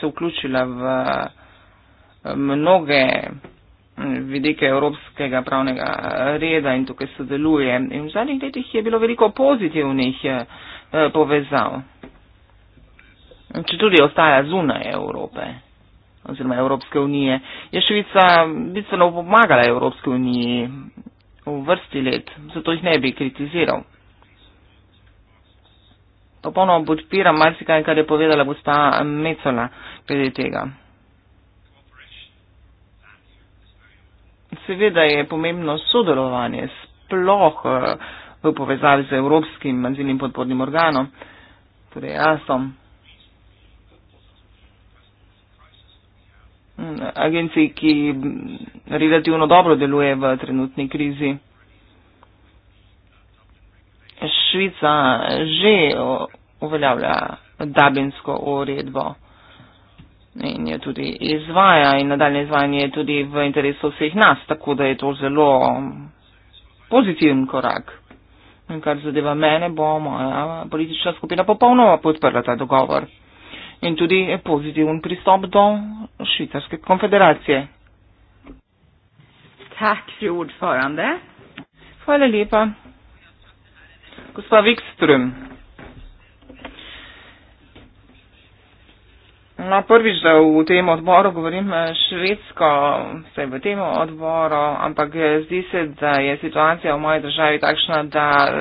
se vključila v eh, mnoge mm, vidike evropskega pravnega eh, reda in tukaj sodeluje. In v zadnjih letih je bilo veliko pozitivnih povezav. Če tudi ostaja zunaj Evrope oziroma Evropske unije, je Švica bistveno pomagala Evropske uniji v vrsti let, zato jih ne bi kritiziral. Popolno podpiram marsikaj, kar je povedala gospa Mecola glede tega. Seveda je pomembno sodelovanje sploh eh, v povezavi z Evropskim manzilnim podpornim organom, torej ASOM. Ja, agenciji, ki relativno dobro deluje v trenutni krizi. Švica že uveljavlja Dabinsko uredbo in jo tudi izvaja in nadaljne izvajanje je tudi v interesu vseh nas, tako da je to zelo pozitiven korak. In kar zadeva mene, bo moja politična skupina popolnoma podprla ta dogovor in tudi pozitiven pristop do Švicarske konfederacije. Tak, Hvala lepa. Gospod Vikström. No, prvič, da v tem odboru govorim eh, švedsko, se v tem odboru, ampak eh, zdi se, da je situacija v moji državi takšna, da eh,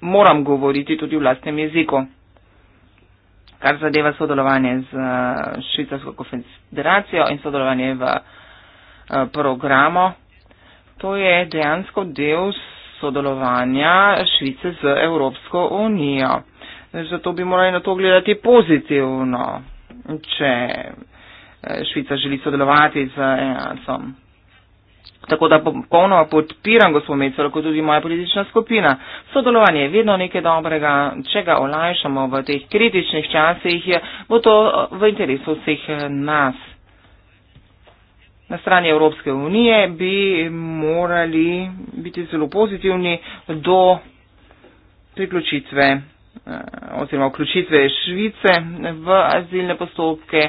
moram govoriti tudi v lastnem jeziku kar zadeva sodelovanje z eh, Švicarsko konfederacijo in sodelovanje v eh, programu. To je dejansko del sodelovanja Švice z Evropsko unijo. Zato bi morali na to gledati pozitivno, če eh, Švica želi sodelovati z EASOM. Ja, Tako da popolnoma podpiram gospod Mecelo, kot tudi moja politična skupina. Sodelovanje je vedno nekaj dobrega, če ga olajšamo v teh kritičnih časih, bo to eh, v interesu vseh eh, nas. Na strani Evropske unije bi morali biti zelo pozitivni do priključitve eh, oziroma vključitve Švice v azilne postopke,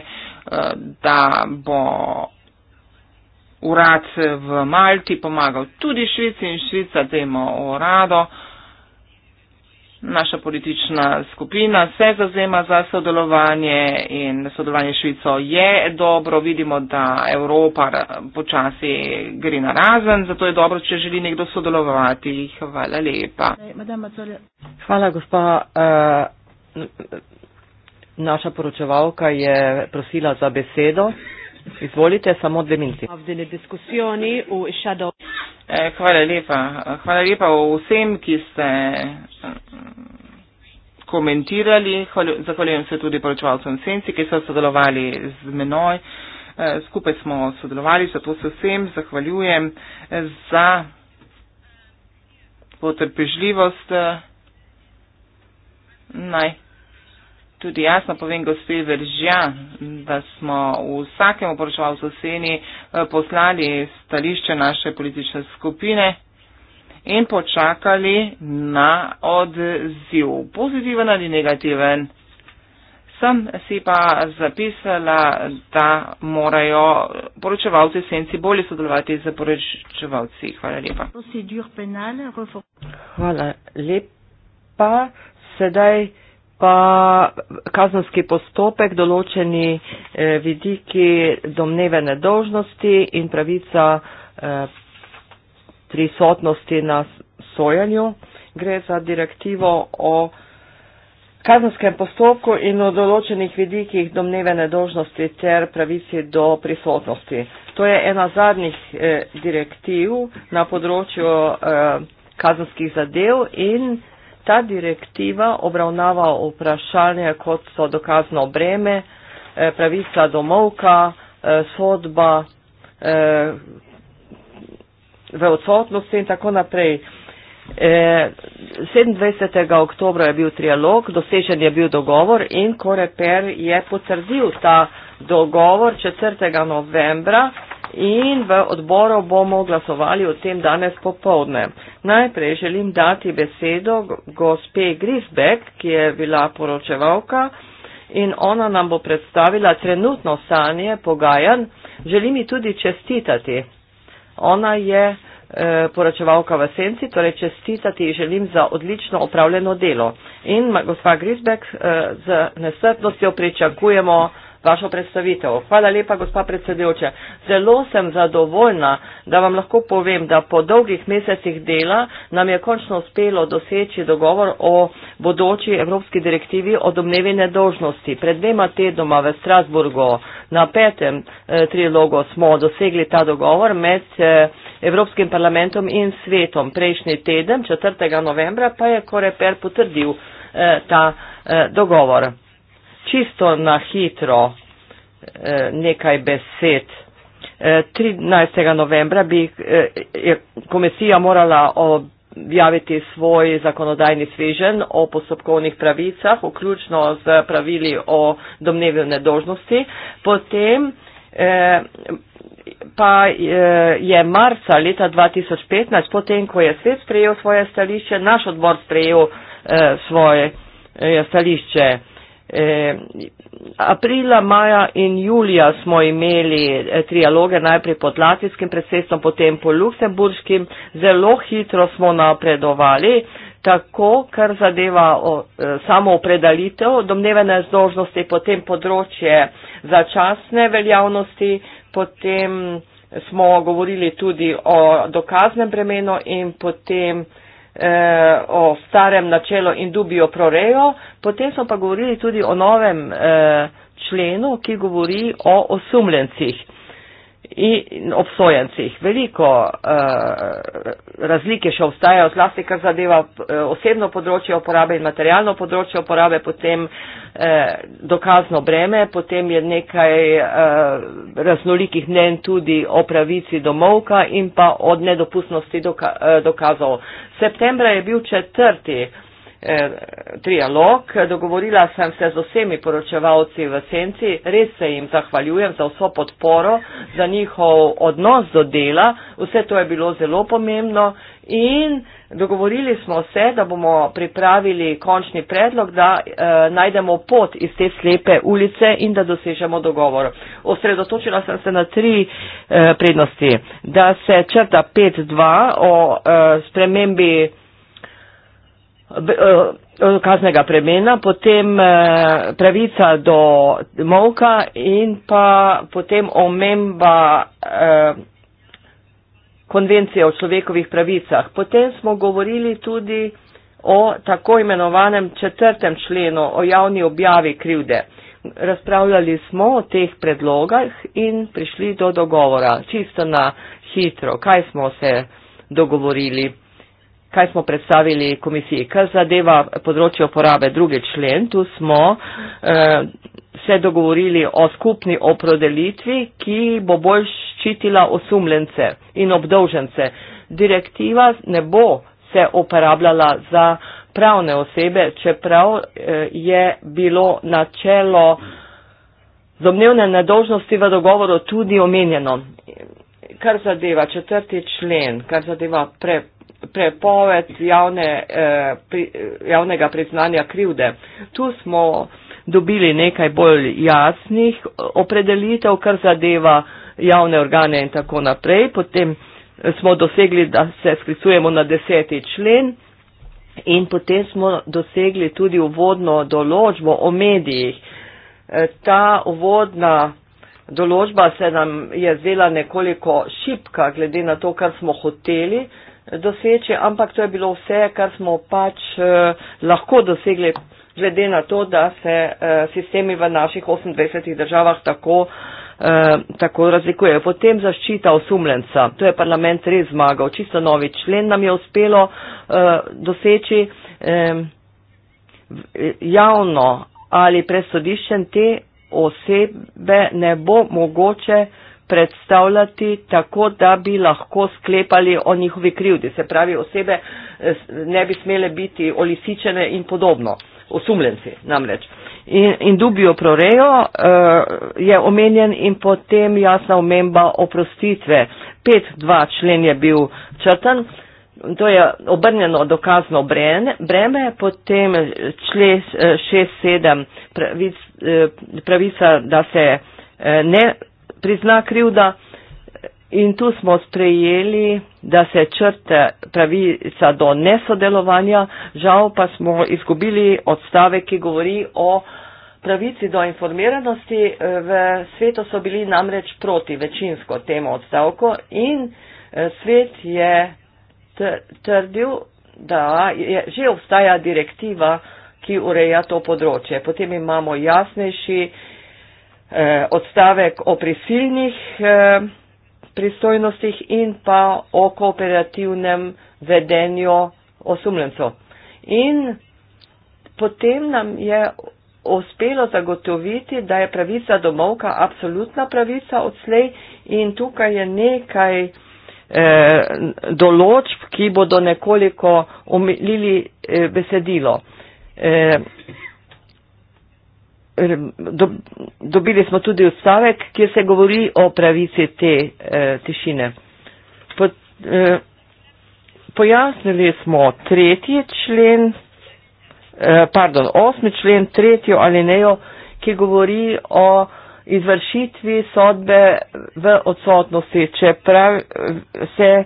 da bo urad v Malti pomagal tudi Švici in Švica, dajmo o rado. Naša politična skupina se zazema za sodelovanje in sodelovanje Švico je dobro. Vidimo, da Evropa počasi gre na razen, zato je dobro, če želi nekdo sodelovati. Hvala lepa. Hvala, gospa. Eh, naša poročevalka je prosila za besedo. Izvolite, samo dve minuti. Eh, hvala lepa. Hvala lepa vsem, ki ste mm, komentirali. Zahvaljujem se tudi poročevalcem Senci, ki so sodelovali z menoj. Eh, skupaj smo sodelovali, zato se vsem zahvaljujem eh, za potrpežljivost. Eh, naj tudi jaz napovem, gospe Veržja, da smo vsakemu poročevalcu Seni eh, poslali stališče naše politične skupine in počakali na odziv, pozitiven ali negativen. Sem si pa zapisala, da morajo poročevalci senci bolje sodelovati z poročevalci. Hvala lepa. Hvala lepa. Sedaj pa kazanski postopek, določeni eh, vidiki domneve nedožnosti in pravica eh, prisotnosti na sojanju. Gre za direktivo o kazanskem postopku in o določenih vidikih domneve nedožnosti ter pravici do prisotnosti. To je ena zadnjih eh, direktiv na področju kazanskih zadev in Ta direktiva obravnava vprašanje, kot so dokazno breme, eh, pravica do molka, eh, sodba eh, v odsotnosti in tako naprej. 27. oktobra je bil trialog, dosežen je bil dogovor in Koreper je potrdil ta dogovor 4. novembra In v odboru bomo glasovali o tem danes popovdne. Najprej želim dati besedo gospe Grisbek, ki je bila poročevalka in ona nam bo predstavila trenutno sanje pogajan. Želim ji tudi čestitati. Ona je e, poročevalka v senci, torej čestitati želim za odlično opravljeno delo. In gospa Grisbek, e, z nesrpnostjo pričakujemo vašo predstavitev. Hvala lepa, gospa predsedujoča. Zelo sem zadovoljna, da vam lahko povem, da po dolgih mesecih dela nam je končno uspelo doseči dogovor o bodoči Evropski direktivi o domnevi nedožnosti. Pred dvema tednoma v Strasburgu na petem eh, trilogu smo dosegli ta dogovor med eh, Evropskim parlamentom in svetom. Prejšnji teden, 4. novembra, pa je Koreper potrdil eh, ta eh, dogovor čisto na hitro eh, nekaj besed. 13. Eh, novembra bi eh, komisija morala objaviti svoj zakonodajni svežen o postopkovnih pravicah, vključno z pravili o domnevi nedožnosti. Potem pa je marca leta 2015, potem ko je svet sprejel svoje stališče, naš odbor sprejel svoje stališče. Eh, aprila, maja in julija smo imeli eh, trialoge najprej pod latvijskim predsedstvom, potem po luksemburškim. Zelo hitro smo napredovali, tako kar zadeva o, eh, samo opredelitev domnevene zdožnosti, potem področje začasne veljavnosti, potem smo govorili tudi o dokaznem bremenu in potem eh, eh, o starem načelu in dubijo prorejo, potem smo pa govorili tudi o novem eh, členu, ki govori o osumljencih in obsojencih. Veliko uh, eh, razlike še obstajajo, zlasti kar zadeva eh, osebno področje uporabe in materialno področje uporabe, potem uh, dokazno breme, potem je nekaj uh, raznolikih mnen tudi o pravici do molka in pa od nedopustnosti doka dokazov. Septembra je bil četrti uh, Eh, trialog. Dogovorila sem se z vsemi poročevalci v senci, res se jim zahvaljujem za vso podporo, za njihov odnos do dela, vse to je bilo zelo pomembno in dogovorili smo se, da bomo pripravili končni predlog, da eh, najdemo pot iz te slepe ulice in da dosežemo dogovor. Osredotočila sem se na tri eh, prednosti, da se črta 5.2 o eh, spremembi Eh, eh, kaznega premena, potem eh, pravica do molka in pa potem omemba konvencije o človekovih pravicah. Potem smo govorili tudi o tako imenovanem četrtem členu o javni objavi krivde. Razpravljali smo o teh predlogah in prišli do dogovora. Čisto na hitro, kaj smo se dogovorili kaj smo predstavili komisiji. Kar zadeva področje uporabe druge člen, tu smo eh, se dogovorili o skupni oprodelitvi, ki bo bolj ščitila osumljence in obdolžence. Direktiva ne bo se uporabljala za pravne osebe, čeprav eh, je bilo načelo domnevne nedožnosti v dogovoru tudi omenjeno. Kar zadeva četrti člen, kar zadeva pre, prepoved javne, eh, pri, eh, javnega priznanja krivde. Tu smo dobili nekaj bolj jasnih opredelitev, kar zadeva javne organe in tako naprej. Potem smo dosegli, da se sklicujemo na deseti člen in potem smo dosegli tudi uvodno določbo o medijih. Eh, ta uvodna določba se nam je zela nekoliko šipka, glede na to, kar smo hoteli, doseči, ampak to je bilo vse, kar smo pač eh, lahko dosegli, glede na to, da se eh, sistemi v naših 28 državah tako, eh, tako razlikujejo. Potem zaščita osumljenca. To je parlament res zmagal. Čisto novi člen nam je uspelo eh, doseči eh, javno ali presodiščen te osebe ne bo mogoče eh, predstavljati tako, da bi lahko sklepali o njihovi krivdi. Se pravi, osebe eh, ne bi smele biti olisičene in podobno. Osumljenci namreč. In, in dubijo prorejo uh, eh, je omenjen in potem jasna omemba oprostitve. 5.2 člen je bil črtan, to je obrnjeno dokazno breme, potem člen 6.7 eh, pravica, pravica, da se ne prizna krivda in tu smo sprejeli, da se črte pravica do nesodelovanja, žal pa smo izgubili odstavek, ki govori o pravici do informiranosti. V svetu so bili namreč proti večinsko temu odstavku in eh, svet je trdil, da je, že obstaja direktiva, ki ureja to področje. Potem imamo jasnejši eh, odstavek o prisilnih eh, pristojnostih in pa o kooperativnem vedenju osumljencov. In potem nam je uspelo zagotoviti, da je pravica domovka absolutna pravica odslej in tukaj je nekaj eh, določb, ki bodo nekoliko omilili eh, besedilo. Eh, do, dobili smo tudi odstavek, kjer se govori o pravici te eh, tišine. Po, eh, pojasnili smo tretji člen, eh, pardon, osmi člen, tretjo alinejo, ki govori o izvršitvi sodbe v odsotnosti, čeprav se. Eh,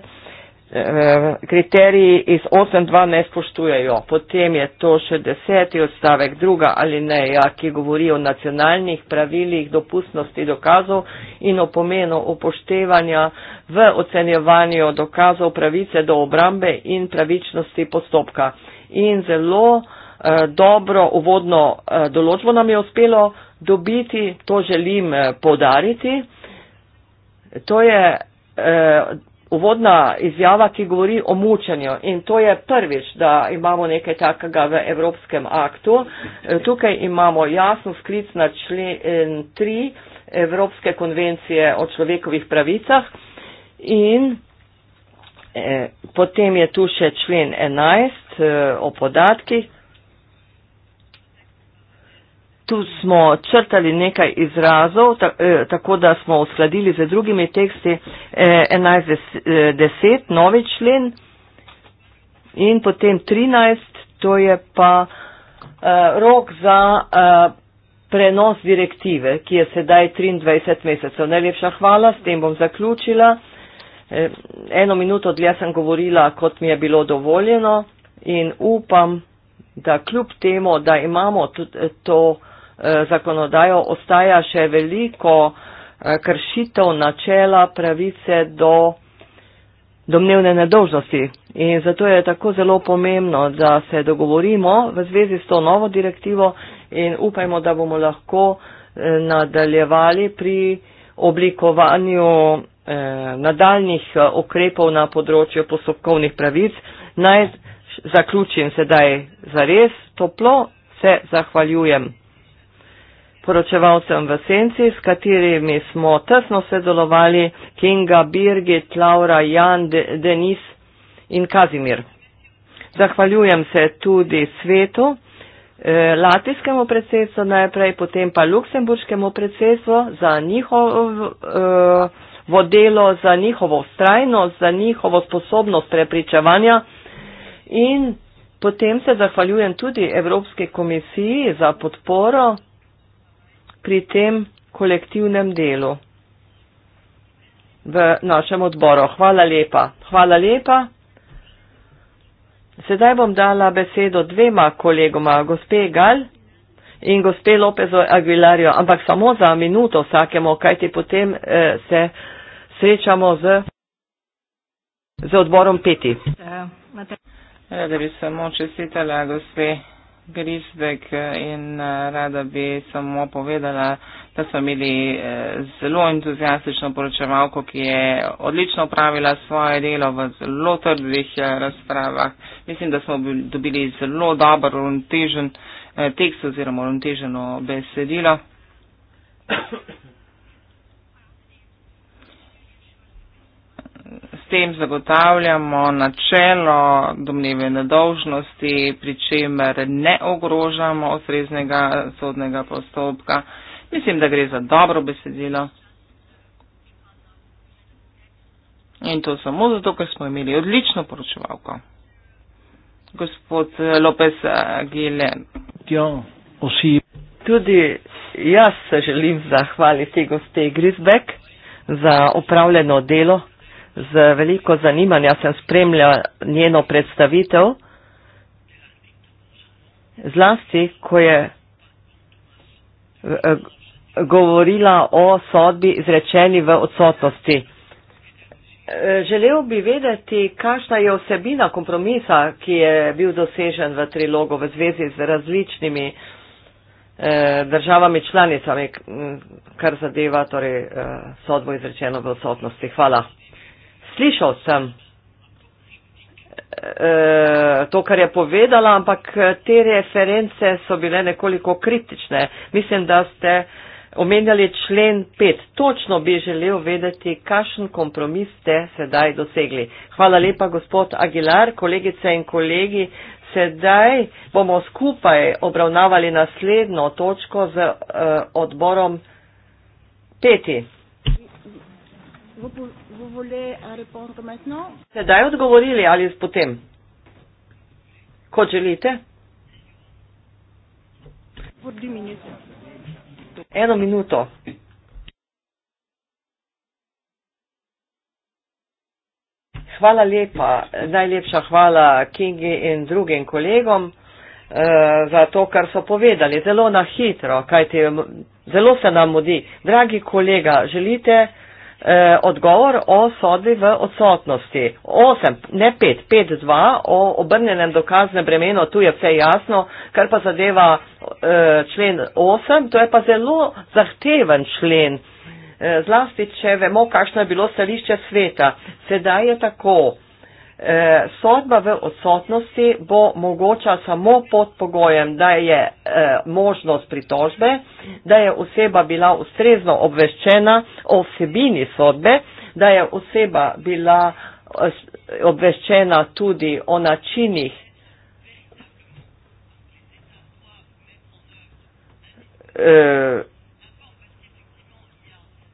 Eh, kriteriji iz 8.2 ne spoštujejo. Potem je to še deseti odstavek druga ali ne, ja, ki govori o nacionalnih pravilih dopustnosti dokazov in o pomenu upoštevanja v ocenjevanju dokazov pravice do obrambe in pravičnosti postopka. In zelo eh, dobro uvodno eh, določbo nam je uspelo dobiti, to želim eh, podariti. To je eh, uvodna izjava, ki govori o mučenju in to je prvič, da imamo nekaj takega v Evropskem aktu. E, tukaj imamo jasno sklic na člen 3 Evropske konvencije o človekovih pravicah in eh, potem je tu še člen 11 eh, o podatkih, tu smo črtali nekaj izrazov, ta, eh, tako da smo uskladili z drugimi teksti eh, 11.10, eh, novi člen in potem 13, to je pa eh, rok za eh, prenos direktive, ki je sedaj 23 mesecev. Najlepša hvala, s tem bom zaključila. Eh, eno minuto dlje sem govorila, kot mi je bilo dovoljeno in upam, da kljub temu, da imamo tudi eh, to. Eh, zakonodajo ostaja še veliko eh, kršitev načela pravice do domnevne nedolžnosti. In zato je tako zelo pomembno, da se dogovorimo v zvezi s to novo direktivo in upajmo, da bomo lahko eh, nadaljevali pri oblikovanju nadaljnih ukrepov na področju postopkovnih pravic. Naj zaključim sedaj zares toplo, se zahvaljujem poročevalcem v Senci, s katerimi smo tesno sodelovali Kinga, Birgit, Laura, Jan, De Denis in Kazimir. Zahvaljujem se tudi svetu, eh, latijskemu predsedstvu najprej, potem pa luksemburškemu predsedstvu za njihovo eh, vodelo, za njihovo vztrajnost, za njihovo sposobnost prepričevanja in potem se zahvaljujem tudi Evropske komisiji za podporo pri tem kolektivnem delu v našem odboru. Hvala lepa. Hvala lepa. Sedaj bom dala besedo dvema kolegoma, gospe Gal in gospe Lopezo Aguilarjo, ampak samo za minuto vsakemu, kajti potem eh, se srečamo z, z odborom peti. Ja, eh, da bi samo čestitala gospe Grišbek eh, in eh, rada bi samo povedala, da smo imeli eh, zelo entuzijastično poročevalko, ki je odlično upravila svoje delo v zelo trdih razpravah. Mislim, da smo dobili zelo dober uravnotežen tekst oziroma uravnoteženo besedilo. s tem zagotavljamo načelo domneve nedolžnosti, pri čemer ne ogrožamo osreznega sodnega postopka. Mislim, da gre za dobro besedilo. In to samo zato, ker smo imeli odlično poročevalko. Gospod Lopez Gile. Tudi jaz se želim zahvaliti gospe Grisbek za opravljeno delo. Z veliko zanimanja sem spremljal njeno predstavitev, zlasti, ko je eh, eh, govorila o sodbi izrečeni v odsotnosti. Eh, želel bi vedeti, kakšna je osebina kompromisa, ki je bil dosežen v trilogu v zvezi z različnimi državami članicami, kar zadeva torej, sodbo izrečeno v odsotnosti. Hvala slišal sem e, to, kar je povedala, ampak e, te reference so bile nekoliko kritične. Mislim, da ste omenjali člen 5. Točno bi želel vedeti, kakšen kompromis ste sedaj dosegli. Hvala lepa, gospod Aguilar, kolegice in kolegi. Sedaj bomo skupaj obravnavali naslednjo točko z uh, odborom 5. Vous voulez euh, répondre maintenant? Sedaj odgovorili ali potem? Kot želite? Eno minuto. Hvala lepa, najlepša hvala Kingi in drugim kolegom eh, za to, kar so povedali. Zelo na hitro, kajti zelo se nam mudi. Dragi kolega, želite e, odgovor o sodbi v odsotnosti. 8, ne 5, 5, 2 o obrnenem dokaznem bremenu, tu je vse jasno, kar pa zadeva e, člen 8, to je pa zelo zahteven člen, e, zlasti če vemo, kakšno je bilo stališče sveta. Sedaj je tako. Eh, sodba v odsotnosti bo mogoča samo pod pogojem, da je eh, možnost pritožbe, da je oseba bila ustrezno obveščena o vsebini sodbe, da je oseba bila eh, obveščena tudi o načinih,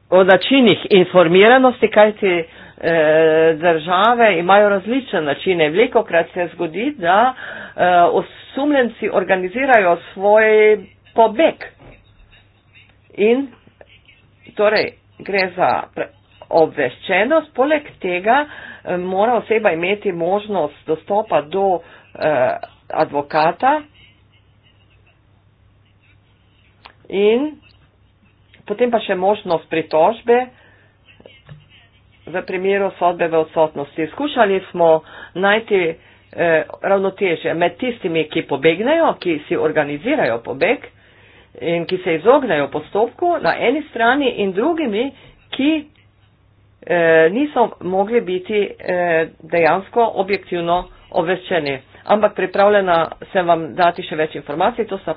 o načinih informiranosti, kajti Eh, države imajo različne načine. Veliko krat se zgodi, da eh, osumljenci organizirajo svoj pobeg. In torej gre za obveščenost, poleg tega eh, mora oseba imeti možnost dostopa do advokata in potem pa še možnost pritožbe v primeru sodbe v odsotnosti. Skušali smo najti eh, ravnoteže med tistimi, ki pobegnejo, ki si organizirajo pobeg in ki se izognejo postopku na eni strani in drugimi, ki eh, niso mogli biti eh, dejansko objektivno obveščeni. Ampak pripravljena sem vam dati še več informacij, to sta